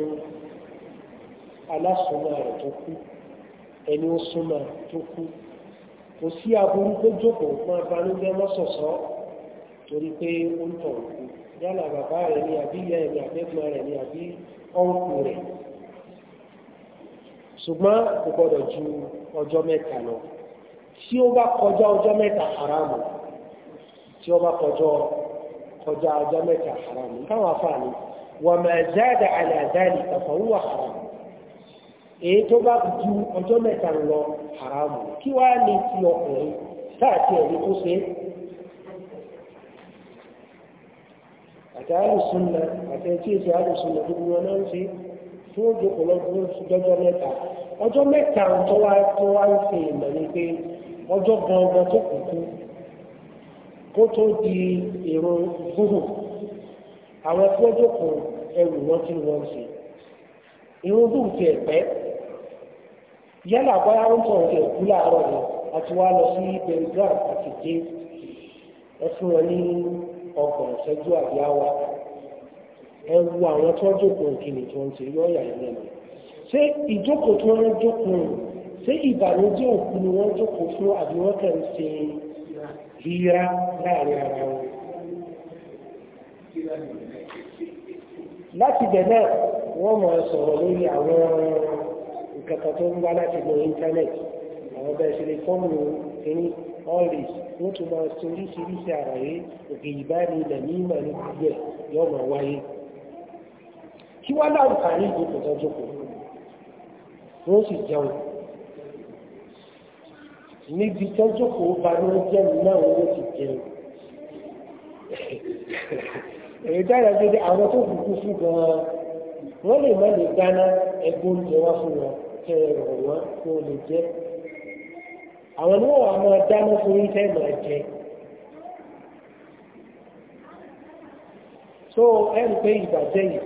alásùnmọ́ rẹ̀ tó kú ẹni ó súnmọ́ tó kú kò sí aburú tó jókòó máa bànújẹ́ lọ́sọ̀ọ̀sọ́ torí pé ó ń tọ̀ òkú yálà bàbá rẹ̀ ni àbí ìyá rẹ̀ ni àbẹ́gbọ́n rẹ̀ ni àbí ọ̀nkù rẹ̀ ṣùgbọ́n kò gbọ́dọ̀ ju ọjọ́ mẹ́ta lọ tí ó bá kọjá ọjọ́ mẹ́ta haramu tí ó bá kọjá kọjá ọjọ́ mẹ́ta haram táwọn afáàní wà máa záàdà àlàdáàlì ọ̀fọ̀wọ́ haram èyí tó bá ju ọjọ́ mẹ́ta lọ haram kí wá ní ti ọkùnrin káàkiri ẹ̀rí tó ṣe àtàrí súnmọ́ àti ẹtí èsì àdùsúnmọ́ tó wọ́n náà ń ṣe tí wọ́n jókòó lọ́dún mẹ́ta ọjọ́ mẹ́ta tó wá ń ṣe ìmọ̀ ni pé ọjọ́ gan-an tó kù fún kó tó di èrò gúgùn àwọn tí jókòó ẹrù wọn tí wọ́n ṣe irun dùn ti ẹ̀pẹ́ yálà bóyá ń sọ̀rọ̀ ti ẹ̀kú láàárọ̀ ni àti wá lọ sí belgrade àti dé ẹ fún wọn ní ọgbọ̀n ìṣẹ́jú àbí àwa ẹ wo àwọn tó jókòó kìnnì tó ń ṣe yọ̀ọ̀yà ilẹ̀ mi ṣé ìjókòó tó ń jókòó ṣé ìbànújẹ́ òkú ni wọ́n jókòó fún àbí wọ́n kàn ń ṣe hira láàrin ara wọn. láti bẹ̀rẹ̀ wọ́n mọ̀ sọ̀rọ̀ lórí àwọn nǹkan kan tó ń wá láti lo íńtánẹ́ẹ̀tì àwọn bẹ́ẹ̀ ṣe lè fọ́ọ̀mù ẹni always wọ́n tún máa ṣe oríṣiríṣi àlàyé òkè ìbánilẹ̀ ní ìmọ̀ ní gbogbo ẹ̀ yóò máa wáyé. kí wọ́n láǹfààní ìjókòó tó jókòó wọ́n sì jẹun níbi tọ́jọ́ kò bá ní ó náà owó ti jẹ èyí dára dédé àwọn tó kúkú fún gan-an wọ́n lè má lè dáná ẹgbẹ́ oúnjẹ wá fún wọn kẹ ẹ̀rọ wọn kó lè jẹ́. àwọn ni wọ́n wà máa dáná fún yín tẹ́ máa jẹ. tó ẹ̀rù pé ìbàjẹ́ yìí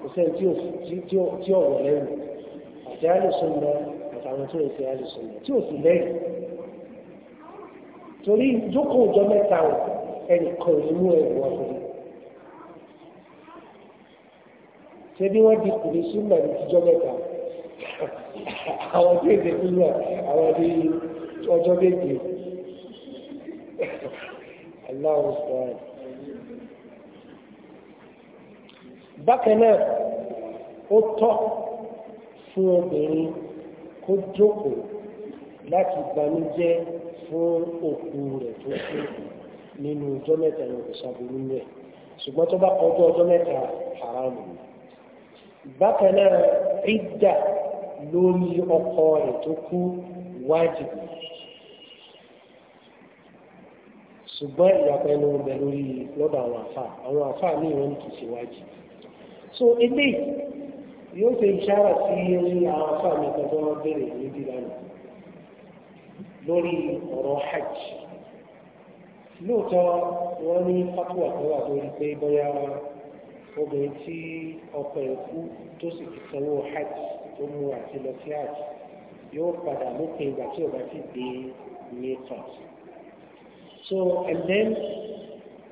kò sẹ́ni tí ọ̀rọ̀ lẹ́nu àti àlùsùn náà àtàwọn tó ń fi àlùsùn náà tí ò sì lẹ́yìn torí ìjókòó ọjọ́ mẹ́ta ò ẹnìkan ò ní mú ẹ̀rù ọ̀sẹ̀ ṣé bí wọ́n di kùnú súnmọ́ ní ìjọ mẹ́ta àwọn tí èdè súnmọ́ àwọn ní ọjọ́ méje aláwọ̀ sọ̀rọ̀ bákan náà ó tọ́ fún obìnrin kó jókòó láti banújẹ́ fún òkú rẹ̀ tó ṣe nínú ọjọ́ mẹ́ta ẹ̀rọ ọ̀sán rẹ̀ ṣùgbọ́n tó bá kọjú ọjọ́ mẹ́ta haramu bákan náà lórí ọkọ rẹ̀ tó kú ṣùgbọ́n ìyàpẹ́ ló ń bẹ lórí lọ́dọ̀ àwọn àfà àwọn so eléyìí yóò ṣe ìṣára sí àwọn àfà mi lórí ọ̀rọ̀ hajj lóòótọ́ wọ́n ní fatuwa tó wà lórí pé bóyá obìnrin tí ọkọ ẹ̀ kú tó sì ti sanwó hajj tó mú àti lọ sí hajj yóò padà lópin ìgbà tí ò ti dé ní court so and then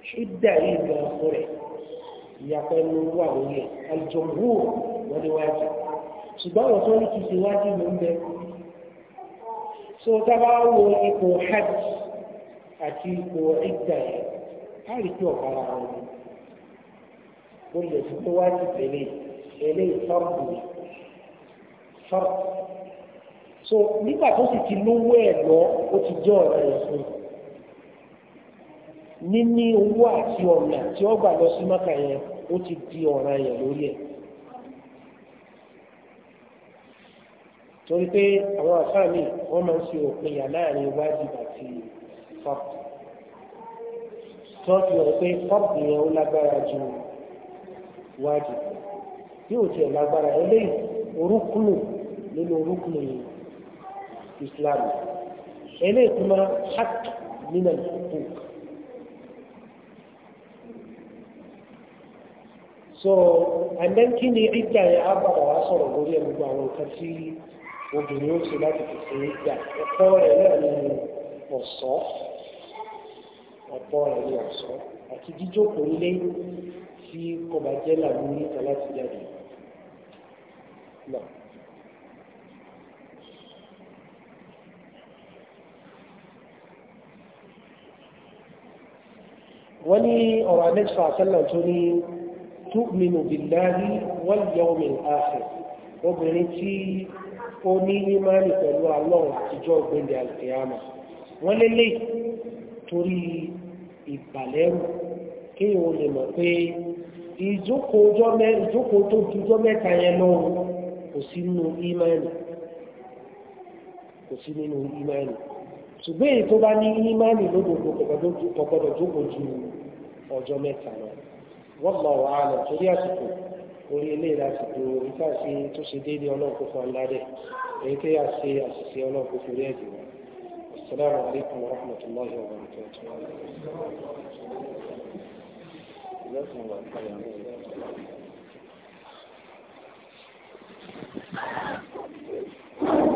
ṣúdà yìí gan fún rẹ̀ ìyàpẹ́ ló wà lórí ẹ̀ aljumhur wọ́n ní wájú ṣùgbọ́n àwọn tó ní kìí ṣe wájú ló ń bẹ́ẹ̀ so dábà wo ipò hajj àti ipò ìgbà yẹn á rí pé ọ̀pá ara wọn o lè fi tó wájú tẹ̀lé tẹ̀lé fọ́ọ̀bù fọ́ọ̀bù so nígbà tó sì ti lówó ẹ̀ lọ ó ti jẹ́ ọ̀rọ̀ rẹ̀ fún níní owó àti ọ̀nà tí ó gbà lọ sí mọ́kà yẹn ó ti di ọ̀ràn yẹn lórí ẹ̀. torí pé àwọn àfáàmì wọn máa ń ṣe òpinya láàrin wájib àti fọp tó fi hàn pé fọp yẹn ó lágbára ju wájib bí ò tiẹ̀ lágbára eléyìí orúkúlù nínú orúkúlù Islam eléyìí tó máa hàk nínú ìkókó. so and then kí ni ìjà yẹn á padà wá sọ̀rọ̀ lórí ẹnu gbogbo àwọn nǹkan tí obìnrin ó ṣe láti fi ṣe é gbà ẹ̀kọ́ rẹ̀ náà ni ọ̀ṣọ́ ẹ̀kọ́ rẹ̀ ni ọ̀ṣọ́ àti jíjókòó ilé tí kò bá jẹ́ làwọn níta láti jáde lọ. wọ́n ní ọ̀rọ̀ anẹ́sọ̀ àtẹ́lẹ̀ tó ní tu'minu billahi wal yawmil akhir obìnrin tí ó ní ìmánì pẹ̀lú Allah ìjọ ògbéǹde àlùkìyàmà wọ́n lélẹ̀ torí ìbàlẹ́rù kéèyàn ó lè mọ̀ pé ìjókòó tó jujọ́ mẹ́ta yẹn lọ́rùn kò sí nínú ìmánì kò sí nínú ìmánì ṣùgbọ́n èyí bá ní ìmánì lódòdó kò jókòó ju ọjọ́ mẹ́ta orí ilé ìlàsìkò ìtàṣe tó ṣe déédéé ọlọ́run kò fún aládẹ èyí tó yà ṣe àṣìṣe ọlọ́run kò fún ẹ̀jẹ̀ wọn assalamu alaikum wa rahmatullahi wa barakatuh.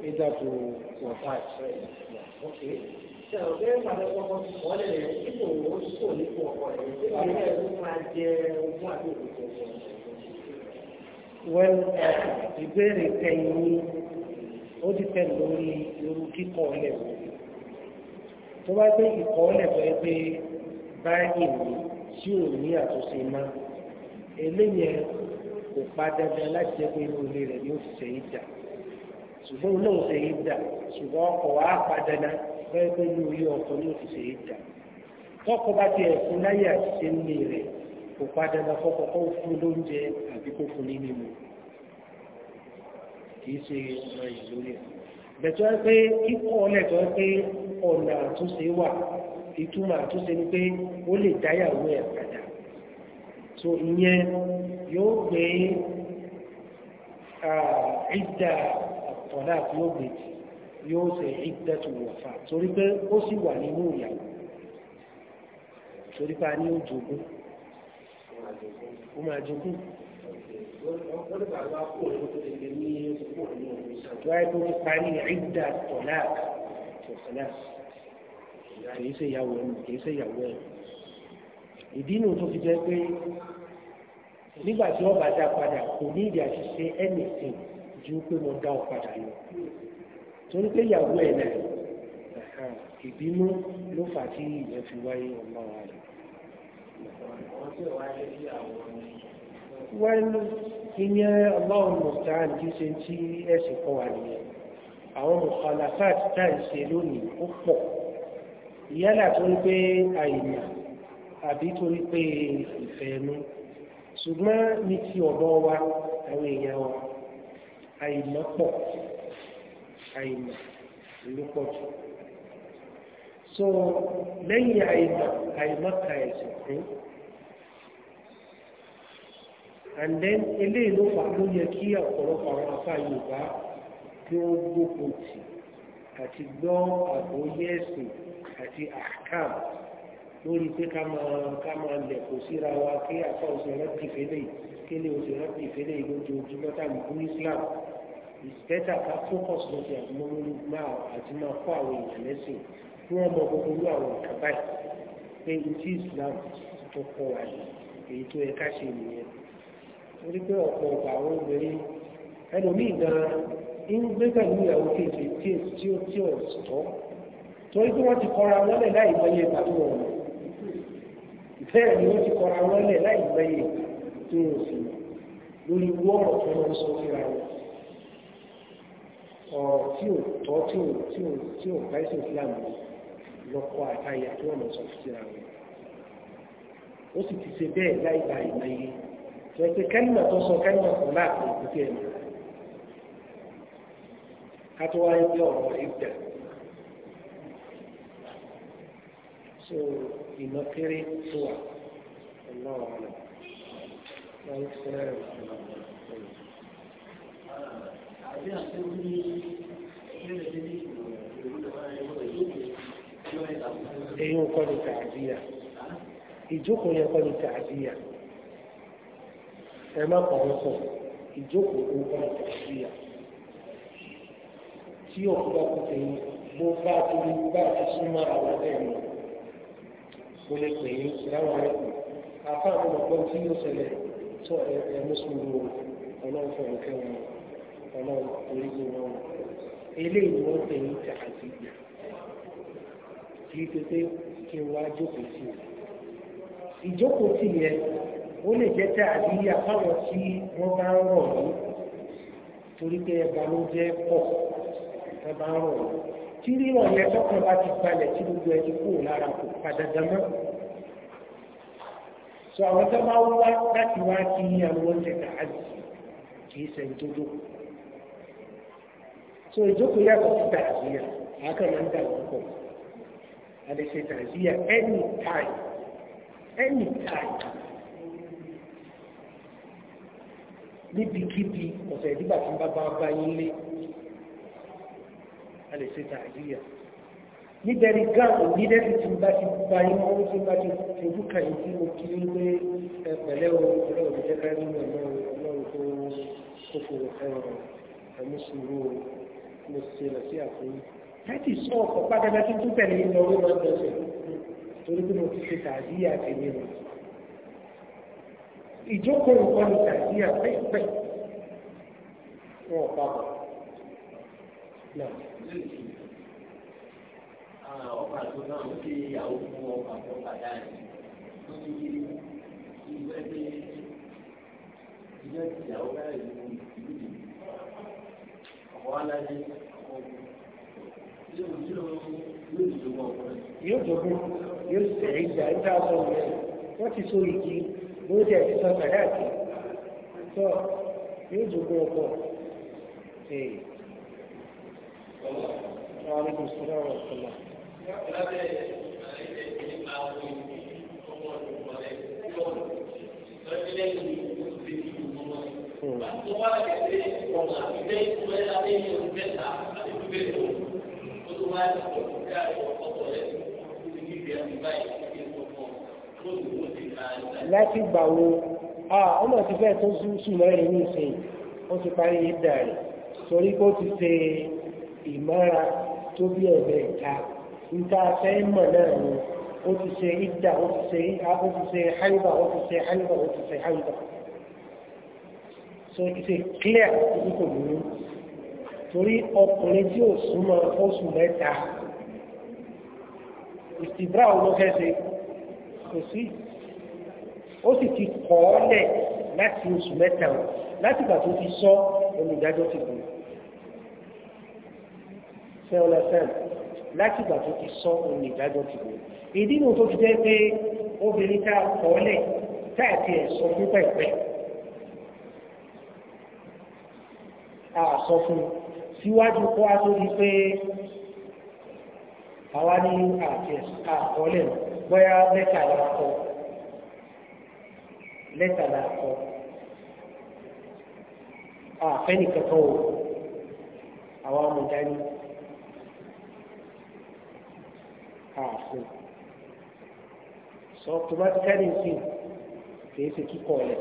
either to survive. Okay. So then my husband was one of the people who was so little for him. Well, ìbéèrè kẹyìn ó ti tẹ̀ lórí irú kíkọ́ ọ̀lẹ̀ wò. Tó bá gbé ìkọ́ ọ̀lẹ̀ pẹ́ báyìí ni tí ò ní àtúnṣe máa, eléyẹn kò pa dandan láti jẹ́ pé inú ilé rẹ̀ ni ó ti ṣe ìjà ṣùgbọ́n òun náà ṣe é dà ṣùgbọ́n ọkọ wa padàna bẹ́ẹ̀ pé ní orí ọkọ ní òfin ṣe é dà tọkọ bá ti ẹ̀fún láyé àti ṣe ń lè rẹ̀ kò padàna fọkọ kó fún lóúnjẹ àbí kó fún ní mímu kìí ṣe ọmọ ìlú rẹ̀ bẹ̀tọ́ pé kíkọ́ ọlẹ́tọ́ pé ọ̀nà àtúnṣe wà ìtumọ̀ àtúnṣe ni pé ó lè dáyàwó ẹ̀ padà so ìyẹn yóò gbé ah, ìdá ọ̀nà àti yóò gbé yóò ṣe ìdẹ́tù wọ̀fà torí pé ó sì wà nínú ìyàwó torí pé a ní òjògùn ó máa jogún. Ìjọba ẹ̀kọ́ ti parí ìdá ọ̀nà ọ̀nà kìí ṣe ìyàwó ẹ̀ kìí ṣe ìyàwó ẹ̀. Ìdí inú tó fi jẹ́ pé nígbà tí ọba dá padà kò ní ìdí àṣìṣe anything ju pé mo dá ọ padà lọ torí pé ìyàwó ẹ̀ náà ìbínú ló fà á tí ìyẹn fi wáyé ọmọ wa rẹ̀. wọ́n ìyẹn ọlọ́run mọ̀tàn kì í ṣe tí ẹ̀sìn kọ́ wa nìyẹn àwọn mọ̀kànláfàt táì ṣe lónìí ó pọ̀ ìyálà tó ń pé àìmà àbí tó ń pé ìfẹ́ ẹnu ṣùgbọ́n ní ti ọ̀dọ́ wa àwọn èèyàn wa àìmọ̀ pọ̀ àìmọ̀ ló pọ̀ jù so lẹ́yìn àìmọ̀ àìmọ̀ ka ẹ̀sìn fún and then eléyìí ló fà ló yẹ kí ọ̀pọ̀lọpọ̀ àwọn afá Yorùbá kí ó gbógun tì àti gbọ́ àgbóyé ẹ̀sìn àti àkàm lórí pé ká máa lẹ̀kọ́ síra wa kí àfáwùsọ̀ rẹ̀ kìfẹ́ lẹ́yìn kéle oṣù rántí ìfẹ́lẹ́ ìlójoojúmọ́ tàbí Islam ìsìkẹ́tà ká fókọ̀s lọ́sí àtúmọ́lú máa àti máa kọ́ àwọn èèyàn lẹ́sìn kí wọ́n mọ gbogbo irú àwọn nǹkan báyìí pé ti Islam tó kọ́ wa yìí èyí tó yẹ ká ṣe nìyẹn torí pé ọ̀pọ̀ ọ̀gbà àwọn obìnrin ẹlòmíì gan-an ń gbé pẹ̀lú ìyàwó kejì tí ó tí ó tọ́ torí pé wọ́n ti kọ́ra wọ́lẹ̀ láì mọye ìgbà ìgbà tí wọ́n fi lórí wú ọ̀rọ̀ tó wọ́n sọ síra wọn ọ̀rọ̀ tí ò tọ́ tí ò tí ò tí ò bá ìsìn Islam lọ́kọ àtàyà tí wọ́n sọ síra wọn ó sì ti ṣe bẹ́ẹ̀ láì bá ìmọ̀ye pẹ̀lú kẹ́lìmọ̀ tó sọ kẹ́lìmọ̀ kan láàpù ìpínlẹ̀ ẹ̀mí ká tó ọ̀rọ̀ ìgbà so ìmọ̀ kéré tó wà ọlọ́run ọ̀nà èyí ń kọ́ ní tààdíyà ìjókòó yẹn kọ́ ní tààdíyà ẹ má kọ̀ ọ́ sọ ìjókòó ń kọ́ ní tààdíyà tí òkú bá kú tẹ̀yìn bó bá tó ní bá ti súnmọ́ àwọn bẹ́ẹ̀ mọ́ mo lè pè é láwọn ẹ̀kọ́ afáàmù ọgbọ́n tí yóò ṣẹlẹ̀ tó ẹ mùsùlùmí ọlọ́run fún ẹ̀kẹ́ wọn ọlọ́run oríṣi wọn eléyìí ni wọ́n pè ní tààtì kì í ṣe pé kí n wá jókòó sí i ìjókòó sí yẹn ó lè jẹ́ tààtì àfáwọn tí wọ́n bá ń rọ̀ yìí torí pé ẹ̀bà ló jẹ́ pọ̀ ẹ̀ bá ń rọ̀ yìí tí rírọ̀ yẹn tọkàn bá ti balẹ̀ tí gbogbo ẹ ti kúrò lára kò padà dáná. So àwọn tó bá wá láti wá kí àwọn oúnjẹ kà kì í sẹ́yìn so ìjókòó yàtọ̀ sí tààzíyà àákàmà ń dà púpọ̀ a lè ṣe tààzíyà any time any time níbikíbi ọ̀sẹ̀ ìdígbà tí ń bá bá bá yín lé a lè níbẹ̀rí gan òdídẹ́bì tí bá ti gba inú ọdún tí bá ti fojú kan yìí tí mo kí ní pé pẹ̀lẹ́ ọ̀rọ̀ òdíjẹ́ ká nínú ọlọ́run tó kó fòrò ẹ̀rọ ẹ̀mú sùúrù mo ṣe lọ sí àkóyí. láti sọ ọ̀pọ̀ pátẹ́lẹ́ tó tún tẹ̀lé ìlọ orí máa ń bẹ̀rẹ̀ torí wọn ò náà ọkọ àti náà ó fi ìyàwó fún ọkọ àti ọkọ rẹ̀ ó ní ìgbẹ́ pé ìjọ ti ìyàwó bá rẹ̀ lù ìlú yìí ọ̀pọ̀ alájẹ yóò jogún yóò sẹ̀rí ìjà ìjà ọ̀sán rẹ̀ wọ́n ti so ìdí ló dẹ̀ ti san sàrẹ́ àti tọ́ yóò jogún ọkọ̀ ṣe. Wa alaikum salaam wa rahmatullah láti gbà wo ọmọ ti fẹ́ tó súnsù mẹ́rin ní ìsìn ó ti parí ìdà rẹ̀ torí kó ti ṣe ìmọ́ra tó bí ẹ̀bẹ̀ ìta nta fẹ́ mọ̀ náà ni ó ti ṣe ìdá ó ti ṣe ó ti ṣe haida ó ti ṣe haida ó ti ṣe haida so it's a clear ibi kò ní torí ọkùnrin tí ò súnmọ́ oṣù mẹ́ta ìsìnbra ló fẹ́ ṣe kò sí ó sì ti kọ́ ọ́ lẹ̀ láti oṣù mẹ́ta láti ìgbà tó ti sọ olùdájọ́ ti bù ṣé ọ lọ sẹ́yìn láti ìgbà tó ti sọ òun ìdájọ́ ti wò ìdí nu tó fi jẹ́ pé obìnrin tá a kọ́ lẹ̀ tá a ti ẹ̀ sọ fún pẹ̀pẹ́ a sọ fún síwájú kó a tó di pé àwa ní àti àkọ́ lẹ̀ bóyá lẹ́tà la kọ lẹ́tà la kọ àfẹ́nìkankan o àwa ọmọ dání. ààfin So, tomatikali sí kìí ṣe kíkọ rẹ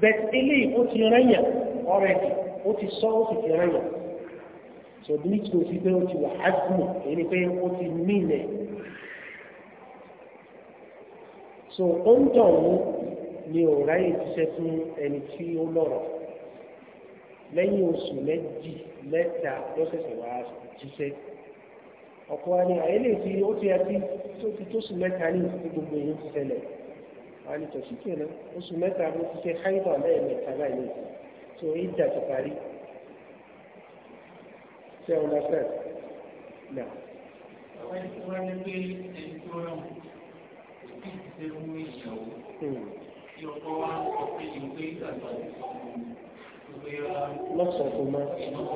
bẹ́ẹ̀ eléyìí ó ti rẹyà ọrẹdì ó ti sọ ó sì ti rẹyà sọ bí nítorí o ti pé ó ti wà ádùn èyí ni pé ó ti mí nẹ so ó ń tọ̀ ọ́n ni ò ráyè ṣiṣẹ́ fún ẹni tí ó lọ́rọ̀ lẹ́yìn oṣù méjì mẹ́ta lọ́sẹ̀sẹ̀ wá jíṣẹ́ ọ̀kan wa ni àyẹ́lẹ̀ tí ó ti ẹtí tó ti tó sùn mẹ́ta ní ìsìnkú gbogbo èyí ti ṣẹlẹ̀ wà ní tọ̀síkì náà oṣù mẹ́ta ló ti ṣe háìbà lẹ́ẹ̀mẹ́ta báyìí tó ìdà ti parí ṣe ọ̀nà fẹ́ nà. àwọn ẹni tó wá ní pé ẹni tó rán òbí hmm. ah, ti ṣe mú ìyàwó lọ́sọ̀ọ́ tó máa.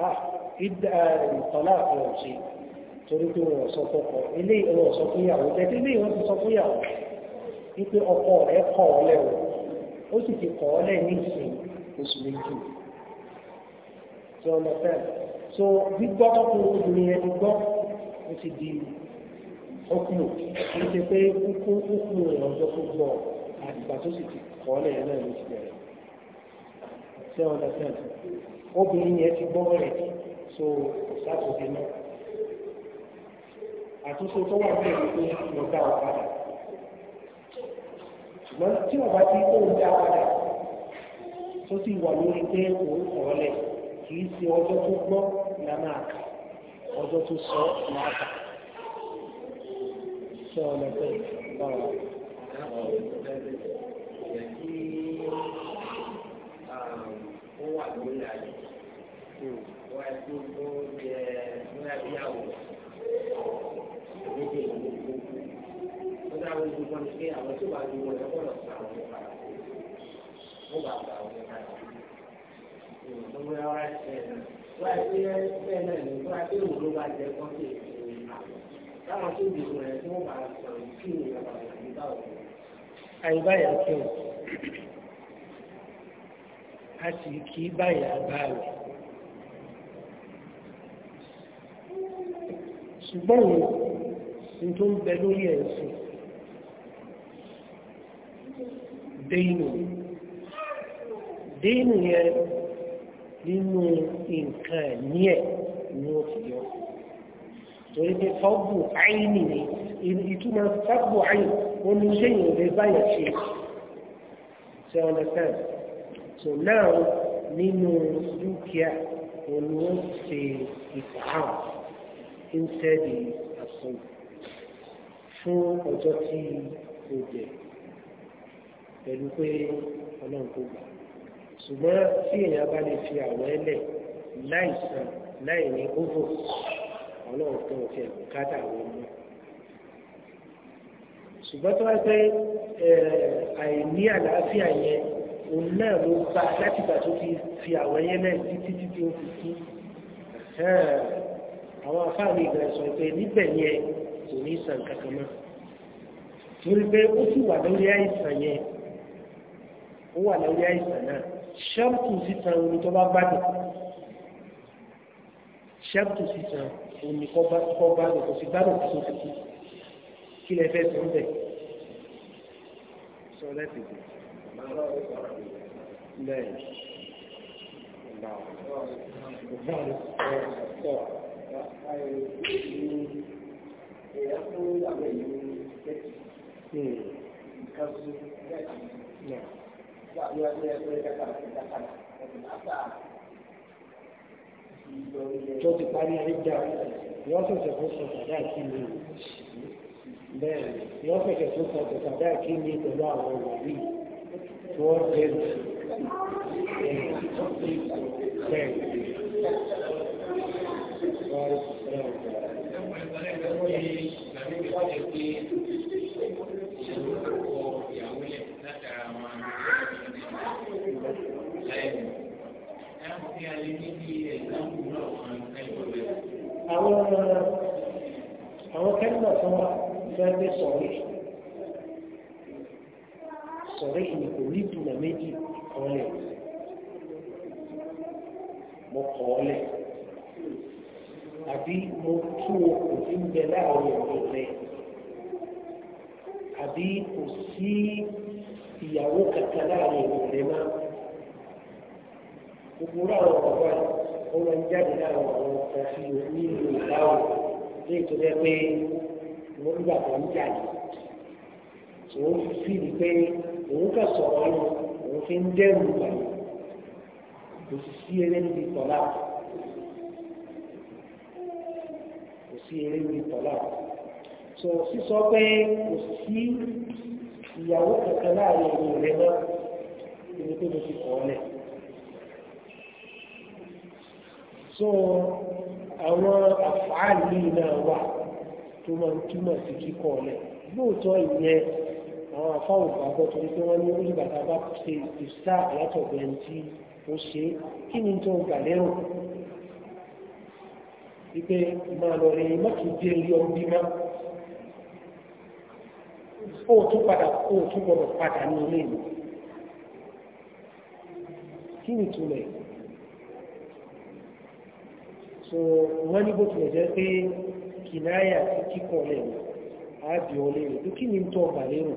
Ah, eh, ìtọ́lá ọ̀rọ̀ sí torí pé wọ́n sọ fọ́kọ̀ ilé ìwọ̀n sọ fún ìyàwó tẹ́tí ilé ìwọ̀n ti sọ fún ìyàwó wípé ọkọ rẹ̀ kọ̀ ọ́ lẹ́wọ̀ ó sì ti kọ̀ ọ́ lẹ́ ní ìsìn oṣù méjì tí wọ́n lọ fẹ́ so gbígbọ́ tọ́kùn obìnrin ẹni gbọ́ ó ti di ọkùnrin kì í ṣe pé kúkú kúkú ìrànjọ́ tó gbọ́ àgbà tó sì ti kọ̀ ọ́ lẹ́yìn náà ló ti bẹ̀rẹ̀ tí wọ́n lọ fẹ́ obìnrin yẹn ti gbọ́ rẹ̀ so sátọ̀dé náà àtúnṣe tó wà ní ìlú pé lọ dá ọ padà ṣùgbọ́n tí ọba ti tó ń dá padà tó sì wà lórí pé òun kọ̀ ọ́lẹ̀ kì í ṣe ọjọ́ tó gbọ́ la máa kà ọjọ́ tó sọ máa kà ṣé ọ̀nà bẹ́ẹ̀ bá wà lórí ayé wọ́n ti kó jẹ múlá bíyàwó méjì ìlú kó náà wọ́n ti ní pé àwọn tó bá ju wọn lọ́kọ́ lọ sí àwọn nípa wọ́n bá gba àwọn nípa ìrònúwẹ́ ọ̀rá ṣẹ̀ wọ́n ti bẹ́ẹ̀ náà ní wọ́n ti wò ló bá jẹ kọ́ńtì táwọn tó dìbò rẹ̀ tí wọ́n bá sọ̀rọ̀ kí ni ìyàwó àti ìbáwọ̀. àyùbá yà a sì kì í báyà bá rẹ̀ ṣùgbọ́n òun tó ń bẹ lórí ẹ̀sìn dénú dénú yẹn nínú nǹkan ní ẹ̀ ni ó ti yọ torí pé fọ́bù àìní ni ìtumọ̀ fọ́bù àìní oníṣẹ́yìn lè báyà ṣe ṣe ọ̀nà sẹ́yìn so now nínú dúkìá òun ó ṣe ìfàhàn instead àsùn fún ọjọ́ tí ó jẹ pẹ̀lú pé ọlọ́run kò gbà ṣùgbọ́n tí èèyàn bá lè fi àwọn ẹlẹ̀ láìsàn láì ní óvò ọlọ́run tó ń fẹ́ bùkátà àwọn ọmọ ṣùgbọ́n tó wá pé àìní àlàáfíà yẹn òun náà ló bá láti gbà tó fi fi àwọn ẹyẹ náà títí títí ó fi kú àwọn afáàmì ìgbà sọ pé níbẹ̀ yẹn kò ní sàn kankan mọ́ torí pé ó sì wà lórí àìsàn yẹn ó wà lórí àìsàn náà ṣẹ́pù sísan omi tó bá gbádùn ṣẹ́pù sísan omi kọ́ gbádùn kò sí gbádùn kò sí kí lè fẹ́ sọ ń bẹ̀ sọ lẹ́sìn lẹ́yìn tó ti parí ẹja yọ sọ̀tẹ̀ fún sọ̀tàdá kí ni bẹ́ẹ̀ yọ sọ̀tẹ̀ fún sọ̀tàdá kí ni pẹ̀lú àwọn ìwà For his complete head. àwọn àwọn kẹ́ńtà kan wà fẹ́ẹ́ sọ̀rọ̀ sọ̀rọ̀ ìní kò ní ìtumọ̀ méjì kọ́lẹ̀ mo kọ́lẹ̀ àbí mo tú okùn tí ń bẹ láàrin ọ̀dọ̀ rẹ̀ àbí kò sí ìyàwó kàkà láàrin ọ̀dọ̀ rẹ̀ máa gbogbo àwọn bàbá ó máa ń jáde láwọn àwọn ọkọ̀ sí onílù ìdáhùn ní ìtọ́jú pé wọ́n gbàgbọ́ ń jáde tó ń fi pé òun kà sọ̀rọ̀ yìí òun fi ń dẹ́rù báyìí kò sì sí eré níbi tọ́lá kò sí eré níbi tọ́lá sọ sísọ pé kò sí ìyàwó kankan láàrin ìlú rẹ náà ibi tó lè fi kọ́ lẹ̀. so àwọn àfáàlì náà wà tó máa ń túmọ̀ sí kíkọ́ ọ lẹ̀ lóòótọ́ ìyẹn àwọn afáwò gbàgbọ́ torí pé wọ́n ní onígbà tá a bá ṣe ìsá àyàtọ̀gbẹ̀ ẹni tí ó ṣe kí ni tó gbà lérò wípé máa lọ rí mọ́tò dé ilé ọmọ bí má ó tún padà ó tún gbọdọ̀ padà ní ilé mi kí ni túmọ̀ ẹ̀ so wọ́n ní bó tilẹ̀ jẹ́ pé kìnnáyà ti kíkọ̀ lẹ́nu àbí ọlẹ́rìí kí ni tó gbà lérò.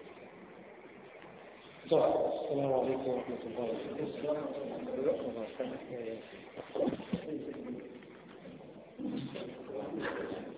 طيب السلام عليكم ورحمة الله وبركاته